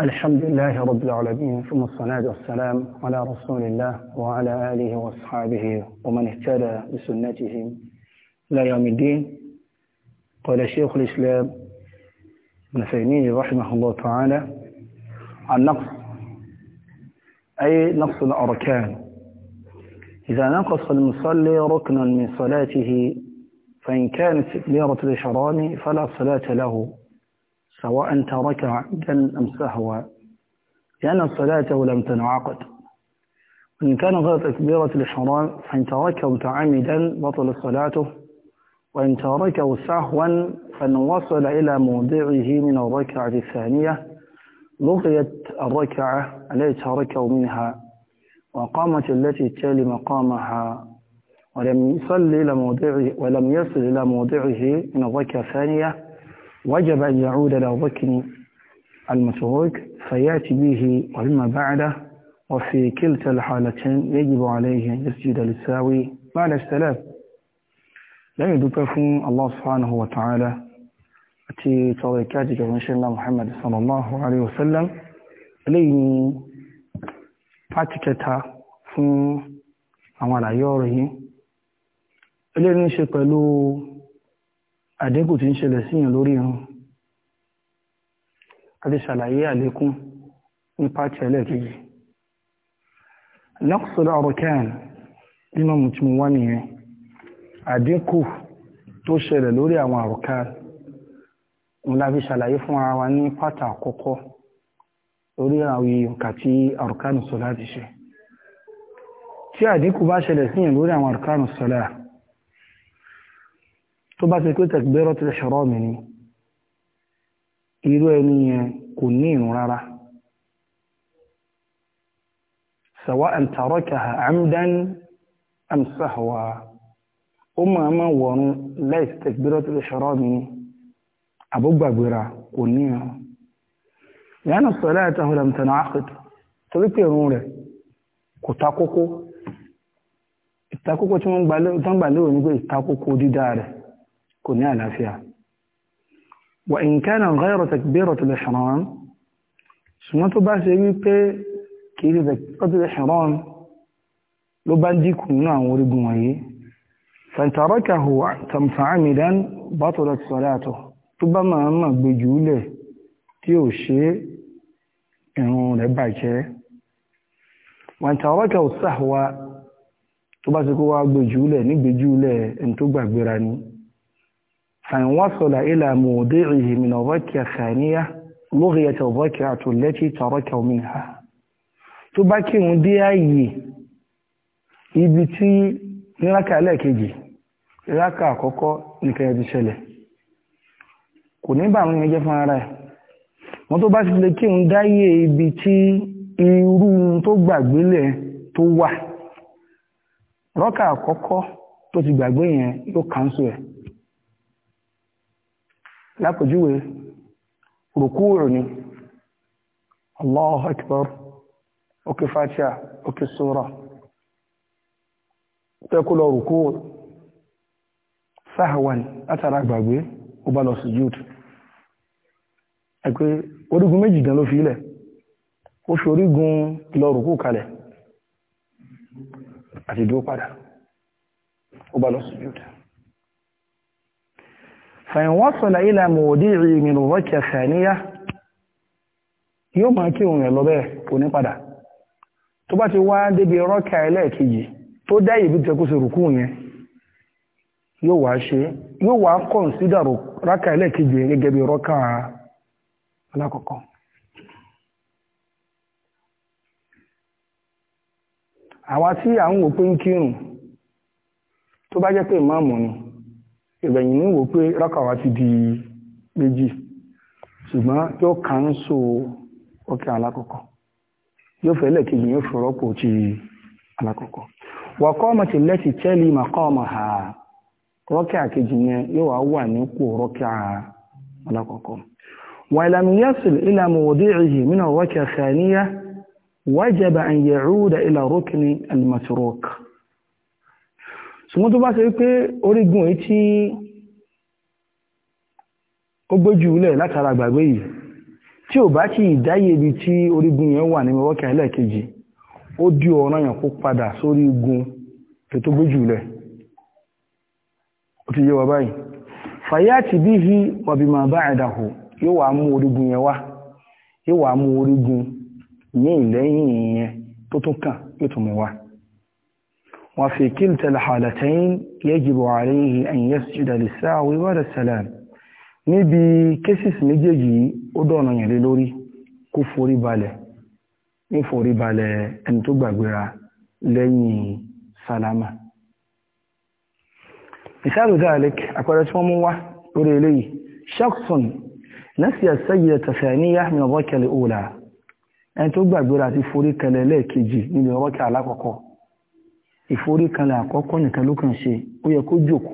الحمد لله رب العالمين ثم الصلاة والسلام على رسول الله وعلى آله وأصحابه ومن اهتدى بسنتهم إلى يوم الدين قال شيخ الإسلام ابن تيمية رحمه الله تعالى عن نقص أي نقص الأركان إذا نقص المصلي ركنا من صلاته فإن كانت تكبيرة الإحرام فلا صلاة له سواء ترك عمدا أم سهوا لأن صلاته لم تنعقد وإن كان غير تكبيرة الإحرام فإن تركه متعمدا بطل صلاته وإن تركه سهوا فإن وصل إلى موضعه من الركعة الثانية لغيت الركعة التي تركه منها وقامت التي تلي مقامها ولم يصل إلى موضعه ولم يصل إلى موضعه من الركعة الثانية وجب أن يعود إلى ركن المتروك فيأتي به وإما بعده وفي كلتا الحالتين يجب عليه أن يسجد للساوي بعد السلام لم يدبفون الله سبحانه وتعالى أتي طريقاتك ونشاء الله محمد صلى الله عليه وسلم لين أتكتا في أمال عيوره لين شكلوا àdínkù tí ń ṣẹlẹ̀ síyàn lórí irun a ti ṣàlàyé àlékún ní pàtí ẹlẹ́ẹ̀kejì lọ́kùsọ́lọ́ ọ̀rọ̀kẹ́rìn nínú mú tí mo wá nìyẹn àdínkù tó ṣẹlẹ̀ lórí àwọn àrùkárì ń láfi ṣàlàyé fún ara wa ní pàtà àkọ́kọ́ lórí àwọn ìyọ̀nkà tí àrùkárì sọ láti ṣe tí àdínkù bá ṣẹlẹ̀ síyàn lórí àwọn àrùkárì sọ láti tó bá ti pé takbiratul ihram ni irú ẹni yẹn kò ní ìrun rárá sawa'an tarakaha amdan am sahwa ó máa máa wọ̀run láìsí takbiratul ihram ni àbúgbàgbéra kò ní ìrun yánà salatahu lam tanaqid torí pé ìrun rẹ̀ kò takókó ìtakókó tí wọ́n gbà lérò ní pé ìtakókó dídá rẹ̀ kò ní àlàáfíà wà nǹkan ghayra takbiratul ihram ṣùgbọ́n tó bá ṣe wípé kìí takbiratul ihram ló bá dínkù nínú àwọn orígun wọ̀nyí fantarakahu tamfa'amidan batalat salatuhu tó bá máa máa gbèjú lẹ̀ tí ò ṣe ìrun rẹ̀ bàjẹ́ fantarakahu sahwa tó bá ṣe kó wá gbèjú lẹ̀ ní gbèjú lẹ̀ ẹni tó gbàgbéra ni فإن وصل إلى موضعه من الركعة الثانية لغيت الركعة التي تركه منها tó bá kírun dé ààyè ibi tí níraka ẹlẹ́ẹ̀kejì ìraka àkọ́kọ́ nìkan ẹ̀ ti ṣẹlẹ̀ kò ní bá àwọn èèyàn jẹ́ fún ara ẹ̀ wọ́n tó bá ti lè kírun dáyé ibi tí irú tó gbàgbélẹ̀ tó wà rọ́kà àkọ́kọ́ tó ti gbàgbé yẹn yóò kánṣu ẹ̀ lápòjúwe rùkúrù ni allahu akbar òkè fatiha òkè sura tẹ́kùlọ rùkúrù sáhàwàn látara gbàgbé ó bá lọ sujud ẹ̀pẹ́ orígun méjì gan ló fi ilẹ̀ ó fi orígun lọ rùkú kalẹ̀ àti dúó padà ó bá lọ sujud فإن وصل إلى موديع من ركة ثانية yóò máa kí òun rẹ̀ lọ bẹ́ẹ̀ kò tó bá ti wá débi rọ́kà ẹlẹ́ẹ̀kejì tó dá ìbí tẹ́kù sí rùkú yẹn yóò wá rákà tí à ìgbẹ̀yìn ní wò pé rákàwá ti di méjì ṣùgbọ́n yóò kánṣó ọkẹ́ alákọ̀ọ́kọ́ yóò fẹ́lẹ̀ kejì yóò fọ́rọ́pò ti alákọ̀ọ́kọ́ wà kọ́ ọmọ ti lẹ́sì tẹ́lì mà kọ́ ọmọ ha rọ́kẹ́ àkejì yẹn yóò wá wà nípò rọ́kẹ́ ṣùgbọ́n tó bá ṣe pé orígun èyí tí ó gbójú lẹ̀ látara gbàgbé yìí tí ò bá ti ìdáyé ibi tí orígun yẹn wà ní mọ́wọ́kẹ́ ẹlẹ́ẹ̀kejì ó di ọ̀ràn yàn kó padà sórí igun tó tó gbójú lẹ̀ ó ti yé wa báyìí fàyàtì bí i wàbìmọ̀ bá ẹ̀dàhù yóò wà mú orígun yẹn wá yóò wà mú orígun ní ìlẹ́yìn yẹn tó tún kàn yóò tún mú wá وفي كلتا الحالتين يجب عليه أن يسجد للساوي ولا السلام níbi kéṣìsì méjèèjì ó dọ̀nà yàn lé lórí kó forí balẹ̀ ní forí balẹ̀ ẹni tó gbàgbéra lẹ́yìn sálámà ìsáàlù dáàlẹ́kì àpẹẹrẹ tí wọ́n mú wá lórí eléyìí shakhsun nasiya sayyidata thaniya min rọ́kẹ̀lẹ̀ òòlà ẹni tó gbàgbéra àti forí kẹlẹ̀ lẹ́ẹ̀kejì níbi rọ́kẹ̀ alákọ̀ọ́kọ́ ìforíkanlẹ̀ àkọ́kọ́ nìkan ló kàn ṣe ó yẹ kó jòkó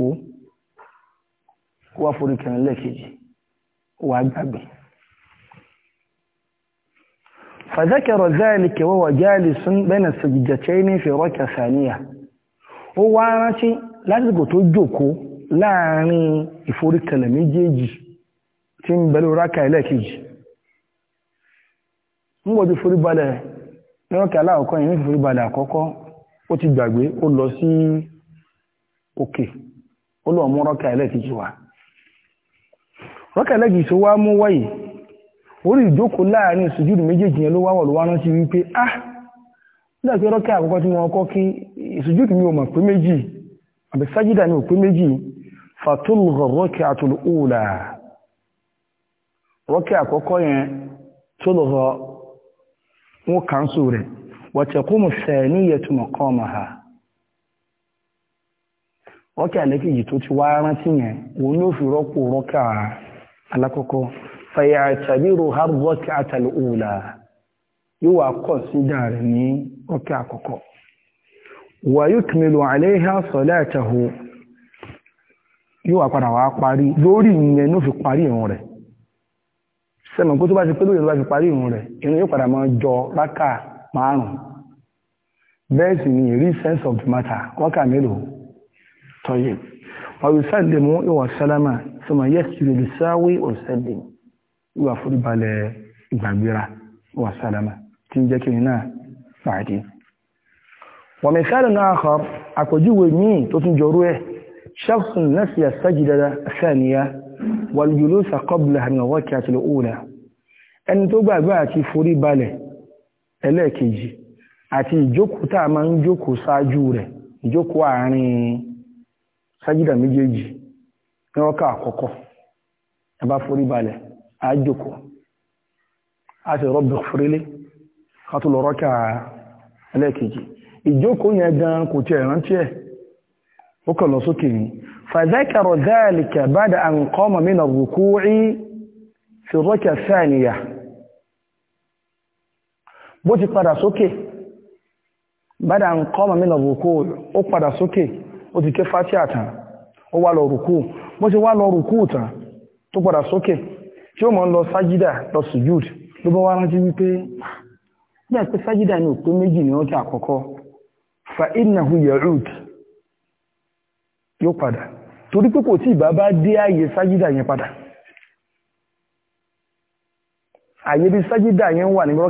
kó wá foríkanlẹ̀ lẹ́ẹ̀kejì ó wá gbàgbé fàzákẹ̀rọ̀ záàlìkì wọ́wọ̀ jáàlì sún bẹ́nà sàjìjàtẹ́ ní fẹ̀rọ́kẹ̀ sàníyà ó wá rántí lásìkò tó jòkó láàrin ìforíkanlẹ̀ méjèèjì tí ń bẹ̀lú rákà ẹlẹ́ẹ̀kejì ń gbọ́dọ̀ foríbalẹ̀ lọ́rọ̀kẹ̀ aláàkọ́ yìí ní foríbalẹ̀ àkọ́kọ́ ó ti gbàgbé ó lọ sí òkè ó lọ mú rọ́kà ẹlẹ́kìí wá rọ́kà ẹlẹ́kìí tó wá mú wáyé orí ìjókòó láàrin ìsùjúdù méjèèjì yẹn ló wá wọ̀lú wá rántí wípé ah nígbàtí rọ́kà àkọ́kọ́ tí wọ́n kọ́ kí ìsùjúdù mi ò mọ̀ pé méjì àbí sájídà mi ò pé méjì fatulghar rak'atul ula rọ́kà àkọ́kọ́ yẹn tó lọ́rọ̀ wọn kàńsù rẹ̀ wataqumu thaniyatu maqamaha rọ́kà lẹ́kẹ̀jì tó ti wá rántí yẹn òun ló fi rọ́pò rọ́kà alákọ̀ọ́kọ́ fayatabiru harbọ́kà àtàlùhùlà yóò wá kọ̀ sí dàrí ní rọ́kà àkọ́kọ́ wa yukmilu alayha salatahu yóò wá padà wá parí lórí márùn-ún bẹ́ẹ̀ sì ni rí sense of the matter wákà mélòó tọ́yẹ ọ̀rùsẹ́lẹ̀mú ìwà sálámà sọmọ yẹ́sìrì lè sáwé ọ̀rùsẹ́lẹ̀m ìwà fúrúbalẹ̀ ìgbàgbéra ìwà sálámà tí ń jẹ́ kí náà pàdé wọ̀mẹ̀sẹ́lẹ̀ náà kọ́ àpèjúwe míì tó tún jọrú ẹ̀ ṣẹ́fún nẹ́sì àṣẹ́jìdára sẹ́niya wàlùjùlọ́sà kọ́bùlà àmì ọ̀wọ́kì àtìlẹ̀ òòlà ẹni tó gbàgbé àti forí balẹ̀ ẹlẹ́ẹ̀kejì àti ìjókòó tá a máa ń jókòó ṣáájú rẹ̀ ìjókòó àárín sájídà méjèèjì ní ọkà àkọ́kọ́ ẹ bá forí balẹ̀ á jókòó á sì rọ́bì fúrílé ká tó lọ rọ́kà ẹlẹ́ẹ̀kejì ìjókòó yẹn gan kò tiẹ̀ rántí ẹ̀ ó kàn lọ sókè ní fàzákàrọ̀ dáàlì kẹbàdà àǹkọ́mọ̀ mí nà fi rọ́kà sáàníyà bó ti padà sókè bada ń kọ́ mọ̀ mílọ̀ rùkú ó padà sókè ó ti ké fásí àtàn ó lọ rùkú bó ti wá lọ rùkú tó padà sókè tí ó lọ sájídà lọ sùjúd ló bá wá rántí wípé bí sájídà ní méjì ní fa yarud yóò padà torí pé kò tí bá dé ààyè sájídà yẹn padà bí sájídà yẹn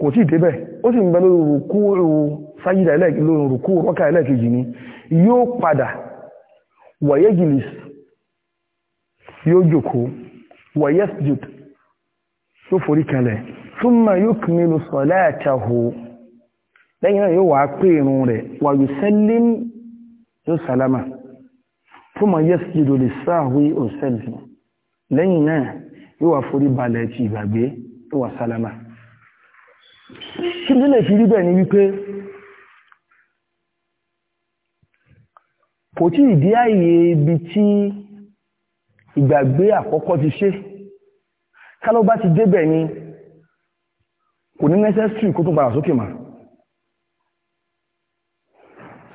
kò tí débẹ̀ ó sì ń bẹ lórí rùkú sájídà ẹlẹ́ẹ̀kì lórí rùkú rọ́kà ẹlẹ́ẹ̀kejì ni yóò padà wàyẹ́gìlis yóò jòkó wàyẹ́sjùd tó forí kalẹ̀ thumma yukmilu salatahu lẹ́yìn náà yóò wà pé irun rẹ̀ wà yóò sẹ́lẹ̀m yóò sálámà thumma yasjudu lis-sahwi òsẹ́lẹ̀m lẹ́yìn náà yóò wà forí balẹ̀ ti ìgbàgbé yóò wà sálámà kí ló lè fi rí bẹ́ẹ̀ ni wípé kò tí ìdí àyè ibi tí ìgbàgbé àkọ́kọ́ ti ṣe kálọ́ bá ti débẹ̀ ni kò ní necessary kó tún padà sókè mà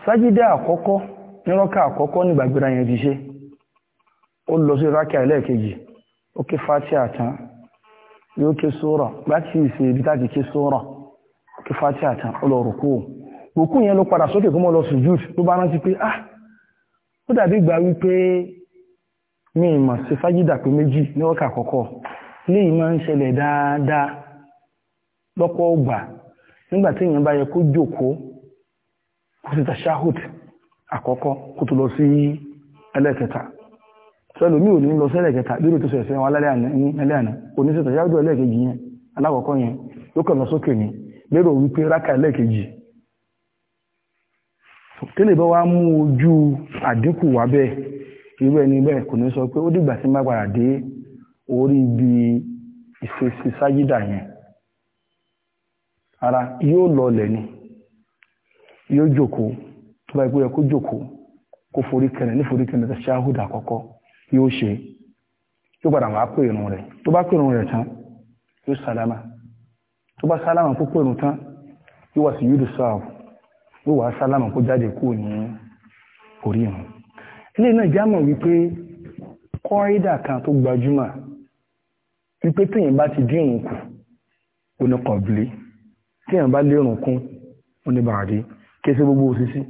sájídé àkọ́kọ́ nírọ́kà àkọ́kọ́ nígbàgbéra yẹn ti ṣe ó lọ sí rákà ẹlẹ́ẹ̀kejì ó ké fátíà tán yóò ké sóòrọ̀ láti ìsè ibi táti ké ụrọ kí fàtí àtàn olórùkú òkú yẹn ló padà sókè kó mọ́ lọ sùjúd ló bá rántí pé ah ó dàbí gbà wípé mi ìmọ̀ sí fájídà pé méjì ní ọkà àkọ́kọ́ lè máa ń ṣẹlẹ̀ dáadáa lọ́pọ̀ ọgbà sọ́lù mi ò ní lọ sẹ́lẹ̀ kẹta lórí tó sẹ̀sẹ̀ wọn alẹ́ àná oníṣẹ́tọ̀ yáwùdó ẹlẹ́ẹ̀kejì yẹn alákọ̀ọ́kọ́ yẹn ló kàn lọ sókè ní lérò wípé rákà ẹlẹ́ẹ̀kejì tẹ́lẹ̀ bá wá mú ojú àdínkù wá bẹ́ẹ̀ irú ẹni bẹ́ẹ̀ kò ní sọ pé ó dìgbà tí má dé orí ibi ìfèsì sájídà yẹn ara yóò lọlẹ̀ ni yóò jókòó tó bá yẹ kó jókòó kó forí kẹrẹ̀ ní forí kẹrẹ̀ tẹ̀síáhùdà àkọ́kọ́ kí ṣe yóò padà wá pé irun rẹ̀ tó bá pé irun rẹ̀ tán yóò sálámà tó bá sálámà kó pé irun tán yóò wá sí yúdù sáà yóò wá sálámà kó jáde kúrò ní orí irun ilé náà jámọ̀ wípé kọ́rídà kan tó gbajúmọ̀ wípé téèyàn bá ti dín irun kù ó ní kọ̀bílé téèyàn bá lé irun kún ó ní bàrí kése gbogbo òṣìṣí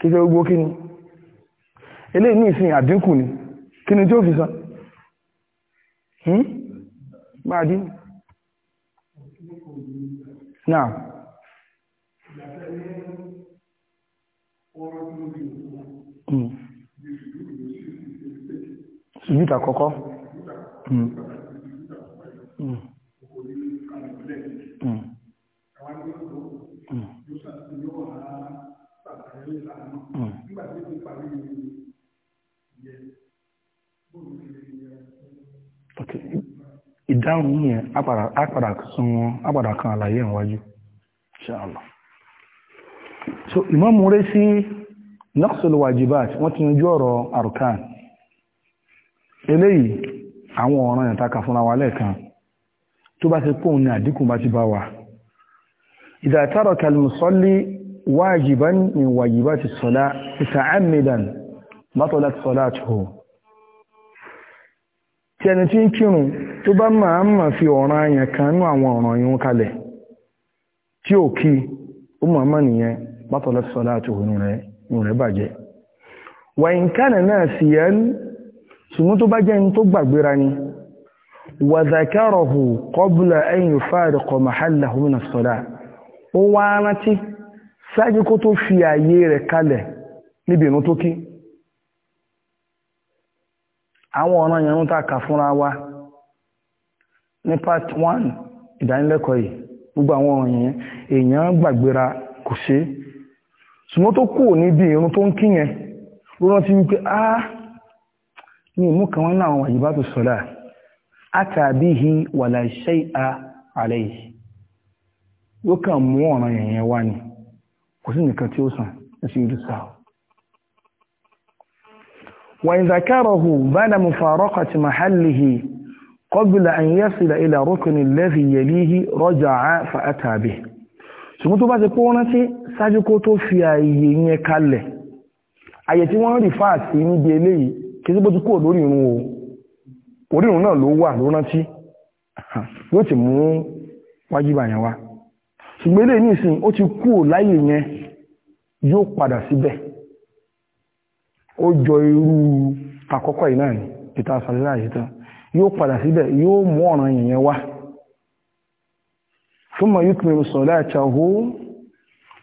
kése gbogbo kíni eléyìí ní ìsìn àdínkù ni kí ni tí ó fi san máa hmm? dín náà hmm. ṣùgbọ́n àpàdà sun wọn àpàdà kan àlàyé ìwájú ṣáàlá so Imam Muraysi naqsul wajibat wọ́n ti yanjú ọ̀rọ̀ arkan eléyìí àwọn ọ̀ràn ìtaka fúnra wa lẹ́ẹ̀kan tó bá ti pòun ní àdínkù bá ti bá wa idha taraka al-musalli wajiban min wajibati as-salah muta'ammidan batalat salatuhu ẹnikẹ́ni tí ń kírun tó bá máa ń máa fi ọ̀ràn àyàn kan nú àwọn ọ̀ràn yìí kalẹ̀ tí ò kí ó máa má nìyẹn bátọ̀lẹ́ sọ́lá àti òun rẹ̀ òun rẹ̀ bàjẹ́ wàyín kánà náà sì yẹn ṣùgbọ́n tó bá jẹ́ ní tó gbàgbéra ni wàzàkárọ̀hù kọbùlà ẹ̀yìn fàárí kọ mahalla hùmìnà sọ́lá ó wá rántí ṣáájú kó tó fi ààyè rẹ̀ kalẹ̀ níbi ìrún tó kí àwọn ọ̀nà yẹn ń ta kà fúnra wa ní part one ìdánilẹ́kọ̀ọ́ yìí gbogbo àwọn ọ̀ràn yẹn èèyàn gbàgbéra kò ṣe é ṣùgbọ́n tó kù níbi irun tó ń kí yẹn ló rántí wípé á ní ìmú kan wọn náà wàyí bá tó sọ̀rọ̀ ìhà àlẹ́ yìí yóò kàn mú yẹn wá ni kò وإن ذكره بعد مفارقة محله قبل أن يصل إلى ركن الذي يليه رجع فأتى به ṣùgbọ́n tó bá ti pọ́ rántí ṣáájú kó tó fi ààyè yẹn kalẹ̀ ààyè tí wọ́n rí fáà sí níbi eléyìí kí sí bó ti kúrò lórí ìrun o orí ìrun náà ló wà ló rántí yóò ti mú wájúbà yẹn wá ṣùgbọ́n eléyìí nìsín ó ti kúrò láyè yẹn yóò padà síbẹ̀ ó jọ irú àkọ́kọ́ yìí náà ìta àsàlẹ́lá yìí yóò padà síbẹ̀ yóò mú ọ̀ràn yìnyẹn wá thumma yutmiru salatahu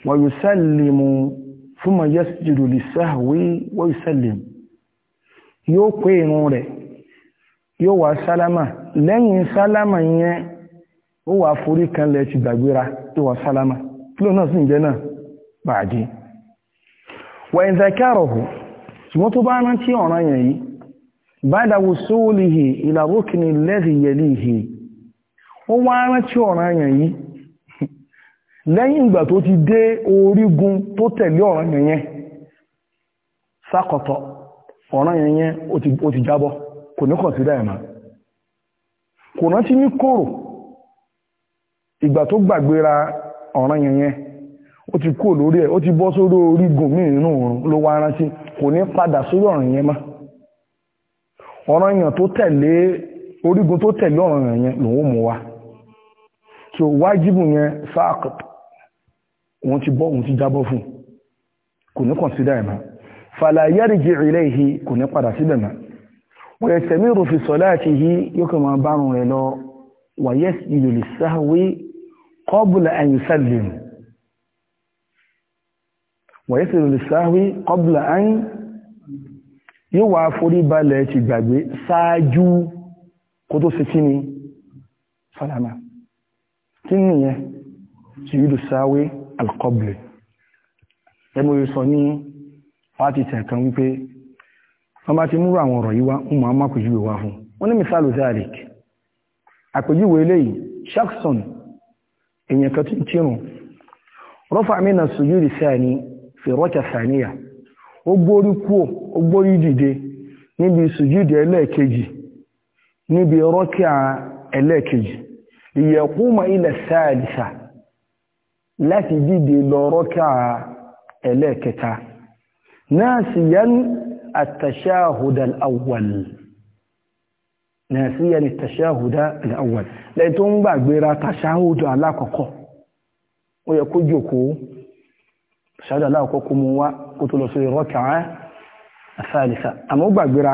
wa yusallimu thumma yasjudu lis-sahwi wa yóò pé irun rẹ̀ yóò wá sálámà lẹ́yìn sálámà yẹn ó wà forí kan lẹ́ ti gbàgbéra yóò wá sálámà kí ló náà sì ń jẹ́ náà wa ṣùgbọ́n tó bá rántí ọ̀ràn yẹn yìí báyìdàwò sóòlìhì ìlàrókìní lẹ́rìyẹ̀lìhì ó wá rántí ọ̀ràn yẹn yìí lẹ́yìn ìgbà tó ti dé orígun tó tẹ̀lé ọ̀ràn yẹn yẹn sákọ̀tọ̀ ọ̀ràn yẹn yẹn ó ti kò ní kò rántí ní kòrò ìgbà tó gbàgbéra ọ̀ràn yẹn yẹn ó ti kú lórí ẹ̀ ó ti bọ́ sórí orígun míì nínú òrùn ló wá rántí kò ní padà sórí ọ̀ràn yẹn mọ́ ọ̀ràn yẹn tó tẹ̀lé orígun tó tẹ̀lé ọ̀ràn yẹn lòun mú wa so wájibù yẹn sáàkù ti bọ́ òun ti jábọ́ fún kò ní kọ̀nsídà ẹ̀ mọ́ fàlàyẹ́rì jì ìrẹ́ ìhì kò ní padà síbẹ̀ mọ́ wọ́n yẹ tẹ̀mí àti yóò kàn máa rẹ̀ lọ wọ̀yẹ́sẹ̀rẹ̀ lè sáwí kọbùlà áyín yóò wá forí balẹ̀ ti gbàgbé sáájú kó tó sikí ni sálámà kí ni yẹ ti yìí lè sáwí alkọbùlẹ̀ ẹmọ yóò sọ ní fàtìtì kan wípé wọ́n bá ti múrò àwọn ọ̀rọ̀ yìí ń mọ̀ àmọ́ àpèjúwe wá fún wọ́n ní misalu zalik àpèjúwe eléyìí shakson èèyàn kan tí ń tírun rọ́fà mí na sùjúdì sáà ni fèrọ́tà sàníyà ó gbórí kúò ó gbórí dìde níbi sùjúdì ẹlẹ́ẹ̀kejì níbi rọ́kà ẹlẹ́ẹ̀kejì ìyẹ̀kúmọ̀ ilẹ̀ sáàdìsà láti dìde lọ rọ́kà ẹlẹ́ẹ̀kẹta náà sì yẹn التشاهد الأول ناسيا التشاهد الأول لأن تنبع بيرا تشاهد على كوكو ويكو جوكو ṣáàdà aláàkọ́ kó mú wá kó tó lọ sí rọ́kà àfáàlìsà àmọ́ gbàgbéra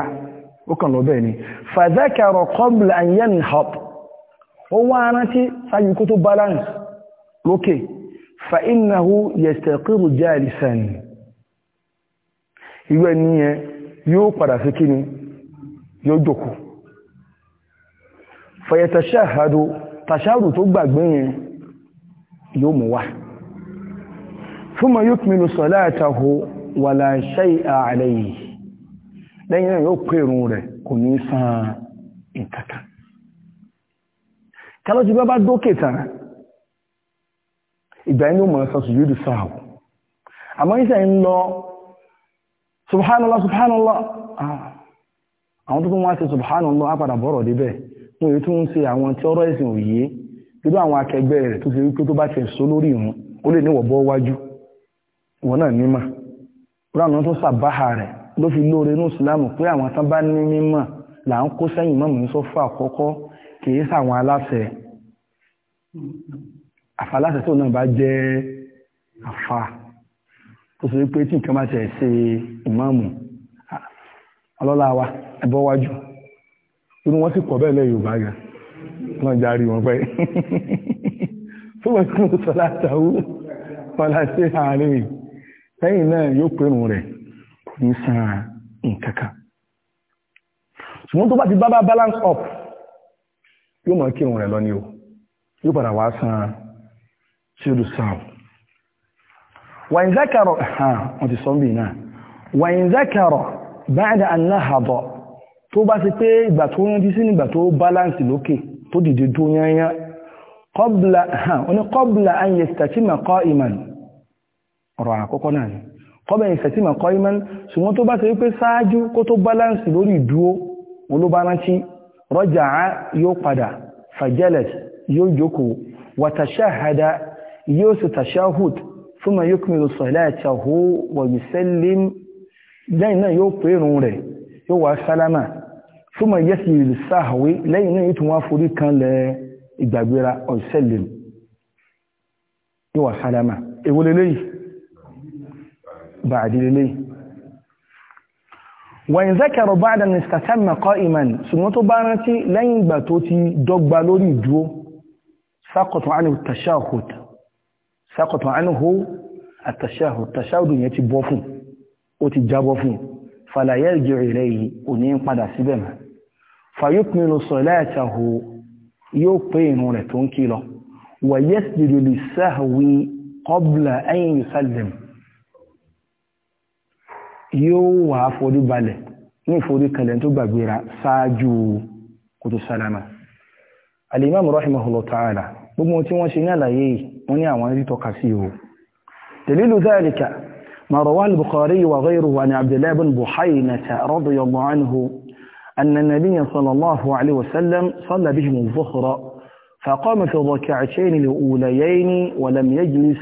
ó kàn lọ bẹ́ẹ̀ ni fàzákàrọ̀ kọ́bùlà yẹn hop ó wá rántí sáyé kó tó balance lókè fa innahu yastaqiru jalisan thumma yukmilu salatahu wala shay'a alayhi lẹ́yìn náà yóò pè ìrun rẹ̀ kò ní san ìkàkà kálọ́jú bá bá dókè tán ìgbà inú mọ̀ sọ sùjúdù sáà àmọ́ ìṣẹ́ ń lọ subhanallah subhanallah àwọn tó tún wá sí wọn náà nímọ̀ ránà tó sàbáhà rẹ̀ ló fi lóore ní ìsìlámù pé àwọn tán bá ní mímọ̀ là ń kó sẹ́yìn mọ́mù ní sọ́fà àkọ́kọ́ kìí sàwọn aláṣẹ àfàláṣẹ tó náà bá jẹ́ àfà tó sì pé tí nǹkan bá tẹ̀ ṣe ìmáàmù ọlọ́lá wa ẹbọ́ wájú inú wọn sì pọ̀ bẹ́ẹ̀ lẹ́yìn Yorùbá gan náà járí wọn pẹ́ fún wọn kí wọn sọ látàwú wọn láti àárín yìí lẹ́yìn náà yóò pẹ̀rùn rẹ̀ kò ní san nǹkankan ṣùgbọ́n tó bá ti bábá balance up yóò mọ̀ kírun rẹ̀ lọ ní o yóò padà wá san ṣílù sáà wàyìn zákàrọ̀ wọ́n ti sọ ń bì náà wàyìn zákàrọ̀ báyìí àná tó bá ti pé ìgbà tó rántí sí nígbà tó balance lókè tó dìde dúnyányá kọ́bùlà an yastakima qa'iman ọ̀rọ̀ àkọ́kọ́ náà ni kọ́bẹ̀ ìfẹ̀símọ̀ kọ́ imán ṣùgbọ́n tó bá ṣe wípé ṣáájú kó tó báláǹsì lórí ìdúró olóbárántí rọ́jà yóò padà fàjẹ́lẹ̀t yóò jókòó wàtàṣáhàdá yóò sì tàṣáhùd fún ma yókùnmílò sọ̀láàtàhó wàyùsẹ́lẹ́m lẹ́yìn náà yóò pè irun rẹ̀ yóò wá sálámà fún ma ìgbàgbéra ọ̀sẹ́lẹ́m yóò wá ba'di lélẹ̀ wọ̀nyí zákẹ̀rọ̀ bá dà nìsàtàmà kọ́ ìmàn ṣùgbọ́n tó bá rántí lẹ́yìn ìgbà tó ti dọ́gba lórí ìdúró sákọ̀tọ̀ ánìhù tashahud sákọ̀tọ̀ ánìhù àtashahud tashahud yẹn ti bọ́ fún ó ti jábọ́ fún fàlàyé ìjọ ìrẹ́ yìí ò ní padà síbẹ̀ mọ́ fàyókùnrin sọ̀láàtàhù yóò pé ìrun rẹ̀ tó ń kí lọ wàyẹ́sìdìrì lè sáhàwí qabla an yusallim yóò wà forí balẹ̀ ní ìforí kalẹ̀ tó gbàgbéra ṣáájú kò tó sálámà alìmáàmù rahimahullah ta'ala gbogbo tí wọ́n ṣe ní àlàyé wọ́n ní àwọn rí tọ́ka sí o dalilu zalika ma rawa al-bukhari wa ghayruhu an abdullahi ibn buhaynata radiyallahu anhu أن النبي صلى الله عليه وسلم صلى بهم الظهر فقام في الركعتين الأوليين ولم يجلس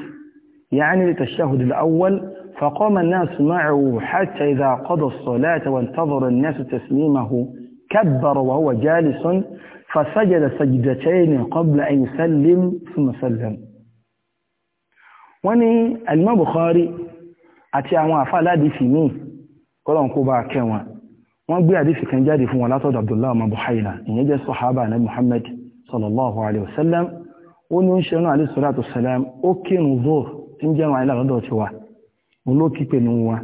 يعني للتشهد الأول فقام الناس معه حتى إذا قضى الصلاة وانتظر الناس تسليمه كبر وهو جالس فسجد سجدتين قبل أن يسلم ثم سلم وني المبخاري àti àwọn àfáà ládìífì míì kọ́lọ̀n kó bá kẹ́ wọn wọ́n gbé àdífì kan jáde fún wọn látọ̀dọ̀ abdullahi ọmọ buhaina ìyẹn jẹ́ sọ́hábà na muhammad sallallahu alaihi wasallam ó ní ń ṣe rán alaihi salatu salam ó kírun zuhr tí ń jẹun àìlà lọ́dọ̀ tiwa olókì pẹ̀lú wa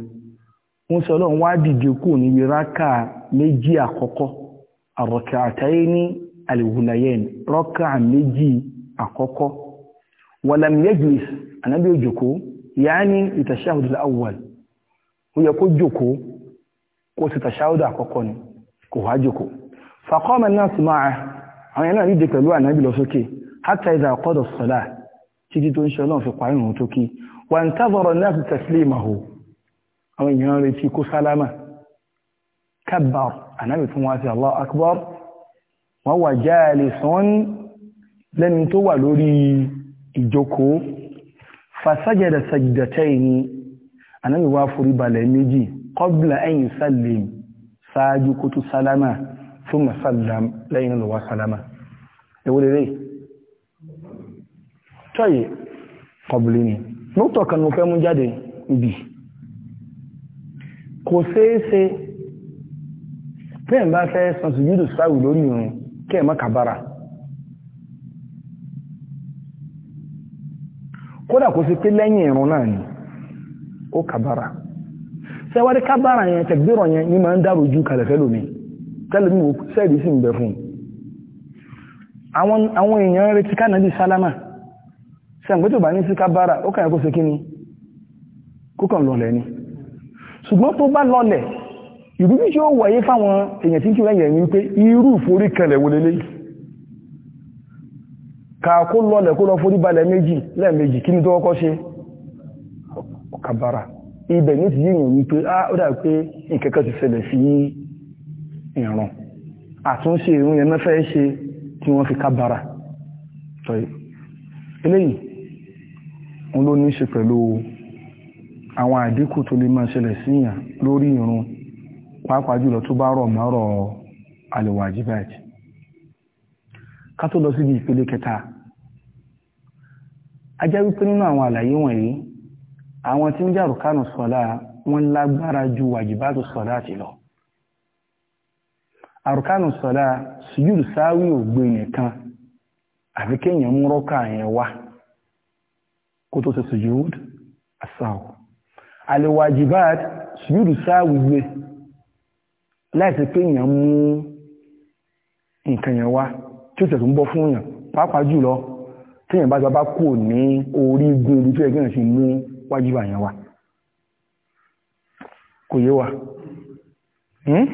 wọ́n sọ lọ́n wá dìde kú níbi rákà méjì àkọ́kọ́ àrọ̀kà àtàyé ní alìhùnayẹ́n rákà méjì àkọ́kọ́ wàlàm yajlis ànábí òjòkó yaani ìtàṣáhùdù awwal ó yẹ kó jòkó kó sì tàṣáhùdù àkọ́kọ́ ni kò wá jòkó faqama an-nas ma'a àwọn ẹ̀nà dìde pẹ̀lú ànábí lọ sókè hatta idha qada as títí tó ń ṣe fi parí ìrùn tó wà ń tázọrọ náà ti tẹ̀sílímàhù àwọn èèyàn retí kó sálámà kabbar anábì fún wa sí allah akbar wọ́n wà jalisun lẹ́ni tó wà lórí ìjókòó fasajada sajdataini anábì wá forí balẹ̀ méjì qabla an yusallim sáájú kó tó sálámà thumma sallam lẹ́yìn lọ́wọ́ sálámà ewúrẹ́rẹ́ tọ́yẹ̀ kọbùlì ni nóòtọ̀ kan mo fẹ́ mú jáde ibì kò ṣeéṣe pẹ́ẹ̀ bá fẹ́ san sùjúdù sáwì lórí ìrun kẹ́ẹ̀ má kàbára kódà kò sí pé lẹ́yìn ìrun náà ni ó kàbára sẹ́wárí kábára yẹn tẹ̀gbérọ̀ yẹn ní ma ń dárò ju kalẹ̀fẹ́ lómi tẹ́lẹ̀mí sẹ́gbẹ́ tó bá ní sí kábára ó kàn ẹ̀kọ́ sí kí ni kúkàn lọlẹ̀ ni ṣùgbọ́n tó bá lọlẹ̀ ìrúbí tí ó wọ̀nyé fáwọn èèyàn tí kí wọ́n yẹ̀yìn wípé irú forí kanlẹ̀ wọlé lé kàkó lọlẹ̀ kó lọ forí balẹ̀ méjì lẹ́ẹ̀mejì kí ni tó kọ́kọ́ ṣe kábára ibẹ̀ ní ti yíyàn wípé á ó dà pé ìkẹ́kẹ́ ti ṣẹlẹ̀ sí ìran àtúnṣe ìrún yẹn mẹ́fẹ́ ṣe tí wọ́n fi kábára eléyìí òun ló ní í ṣe pẹ̀lú àwọn àdínkù tó lè máa ṣẹlẹ̀ síyàn lórí irun pàápàá jùlọ tó bá rọ̀ mọ́rọ̀ àlèwàjíbàt ká tó lọ síbi ìpele kẹta a jẹ́ wípé nínú àwọn àlàyé wọ̀nyí àwọn tí ń jà rùkánù sọ́lá wọ́n lágbára ju wàjíbàtù sọ́lá ti lọ àrùkánù sọ́lá sùjúdù sáwí ò nìkan àfi kéèyàn mú rọ́kà yẹn wá kó tó ṣe sujud asáwò alwajibat sujud sáwì gbé láìsí pé èèyàn mú nǹkan yẹn wá tí ó tẹ̀sùn bọ́ fún èèyàn pàápàá jùlọ tí èèyàn bá bá kò ní orí gun ibi tí ẹgbẹ́ yẹn ti mú wájúbà yẹn wá kò yé wa hmm?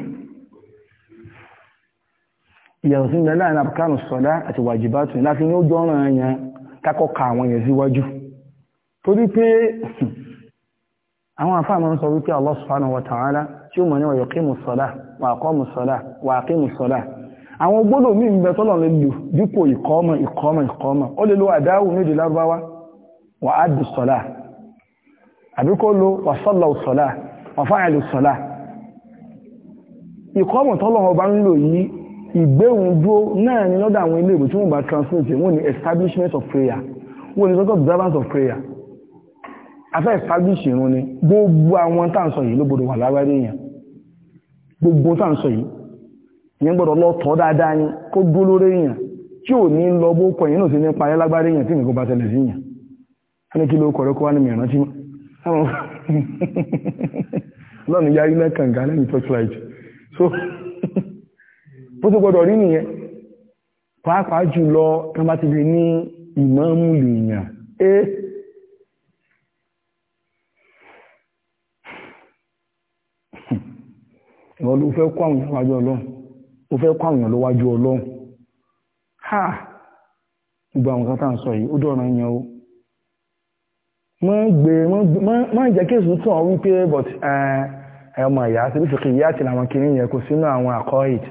ìyàtọ̀ sí ìgbẹ́ láàrin àbùkánù sọ̀dá àti wàjìbátù láti ní ó jọ́ràn yẹn kákọ́ àwọn yẹn síwájú torí pé àwọn àfáà máa ń sọ wípé Allah subhanahu wa ta'ala tí ó mọ̀ ní wa yuqimu s-salah wa aqamu s-salah wa aqimu s-salah àwọn gbọ́dọ̀ mí ń bẹ tọ́lọ̀ lè lò dípò ìkọ́mọ̀ ìkọ́mọ̀ ìkọ́mọ̀ ó lè lo àdáwù méjì lárúbáwá wa addu s-salah àbí kó lo wa afẹ́ establish irun ni gbogbo àwọn tá à ń sọ yìí ló gbọdọ̀ wà lágbárí èèyàn gbogbo tá à ń sọ yìí ni gbọdọ̀ lọ tọ́ dáadáa ni kó dúró lórí èèyàn tí ò ní lọ bó kọ yẹn náà sí ní parẹ́ lágbárí èèyàn tí nìkan bá tẹ̀lẹ̀ sí èèyàn ẹni kí ló kọ̀ wá ní mìíràn tí lọ́nà yarí lẹ́kàn gà lẹ́yìn torchlight so bó tó gbọdọ̀ rí nìyẹn pàápàá jùlọ kan bá ti lè ní ìmọ̀ọ́mù lèèyàn ìwọ́n ló fẹ́ kó àwọn èèyàn wájú ọlọ́run ó fẹ́ kó àwọn èèyàn lọ́wájú ọlọ́run ha gbogbo àwọn kan tá à ń sọ yìí ó dọ̀ràn yẹn o má gbé má jẹ́ kéèsì tó hàn wípé but ọmọ ìyá ti bí fìkì ìyá àti làwọn kìnìún yẹn kò sínú àwọn àkọ́ìd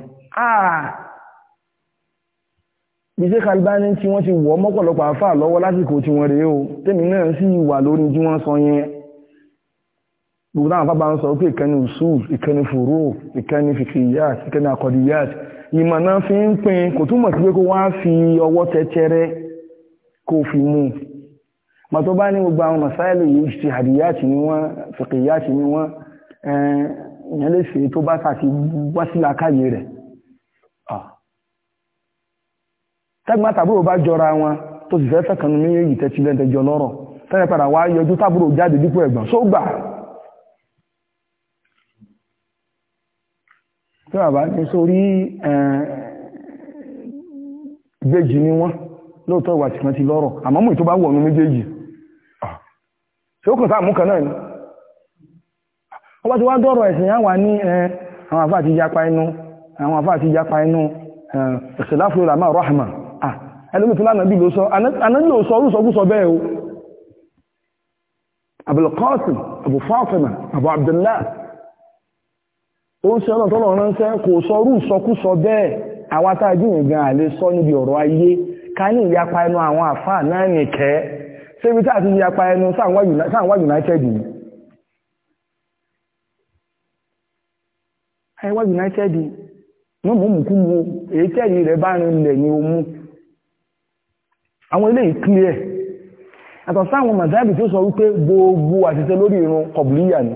bí ṣe Albani tí wọ́n ti wọ́ mọ́pọ̀lọpọ̀ àfà lọ́wọ́ lásìkò tí wọ́n rèé o tèmi náà sì wà lórí tí wọ́n sọ yẹn gbogbo náà fábà ń sọ pé ìkẹni usul ìkẹni furu ìkẹni fikiyat ìkẹni akọdiyat ìmọ̀ náà fi ń pin kò túmọ̀ sí pé kó wá fi ọwọ́ tẹ́tẹ́rẹ́ kó fi mú ma tó bá ní gbogbo àwọn masáìlì yìí ti hadiyat ni wọ́n fikiyat ni wọ́n ìyẹn lè tó bá wá sí rẹ̀ tẹ́gbọ́n wọn tí bàbá ní sórí ìbejì ni wọ́n lóòótọ́ ìwà tí wọ́n ti lọ́rọ̀ àmọ́ mú ìtó bá wọ̀nú méjèèjì ṣe ó kàn sáà mú kan náà ni ọba tí wá dọ́rọ̀ ẹ̀sìn yá wà ní àwọn àfáà ti yapa inú àwọn àfáà ti yapa inú ìṣẹ̀láfò ìlàmà rahma ẹlòmí tó lánàá bí ló sọ anábí ò sọ orúsọ kúsọ Abu Fatima Abu Abdullah ó ń ṣe ọ̀nà ránṣẹ́ kò sọ rú sọkúsọ bẹ́ẹ̀ àwa àlè sọ níbi ọ̀rọ̀ ayé ká ní ìyapa ẹnu àwọn àfáà náà nìkẹ́ ṣébi a ti yapa ẹnu sáàwá United yìí àìwá United yìí mú mùkú mu èyí rẹ̀ bá rin àwọn tó sọ wípé gbogbo ni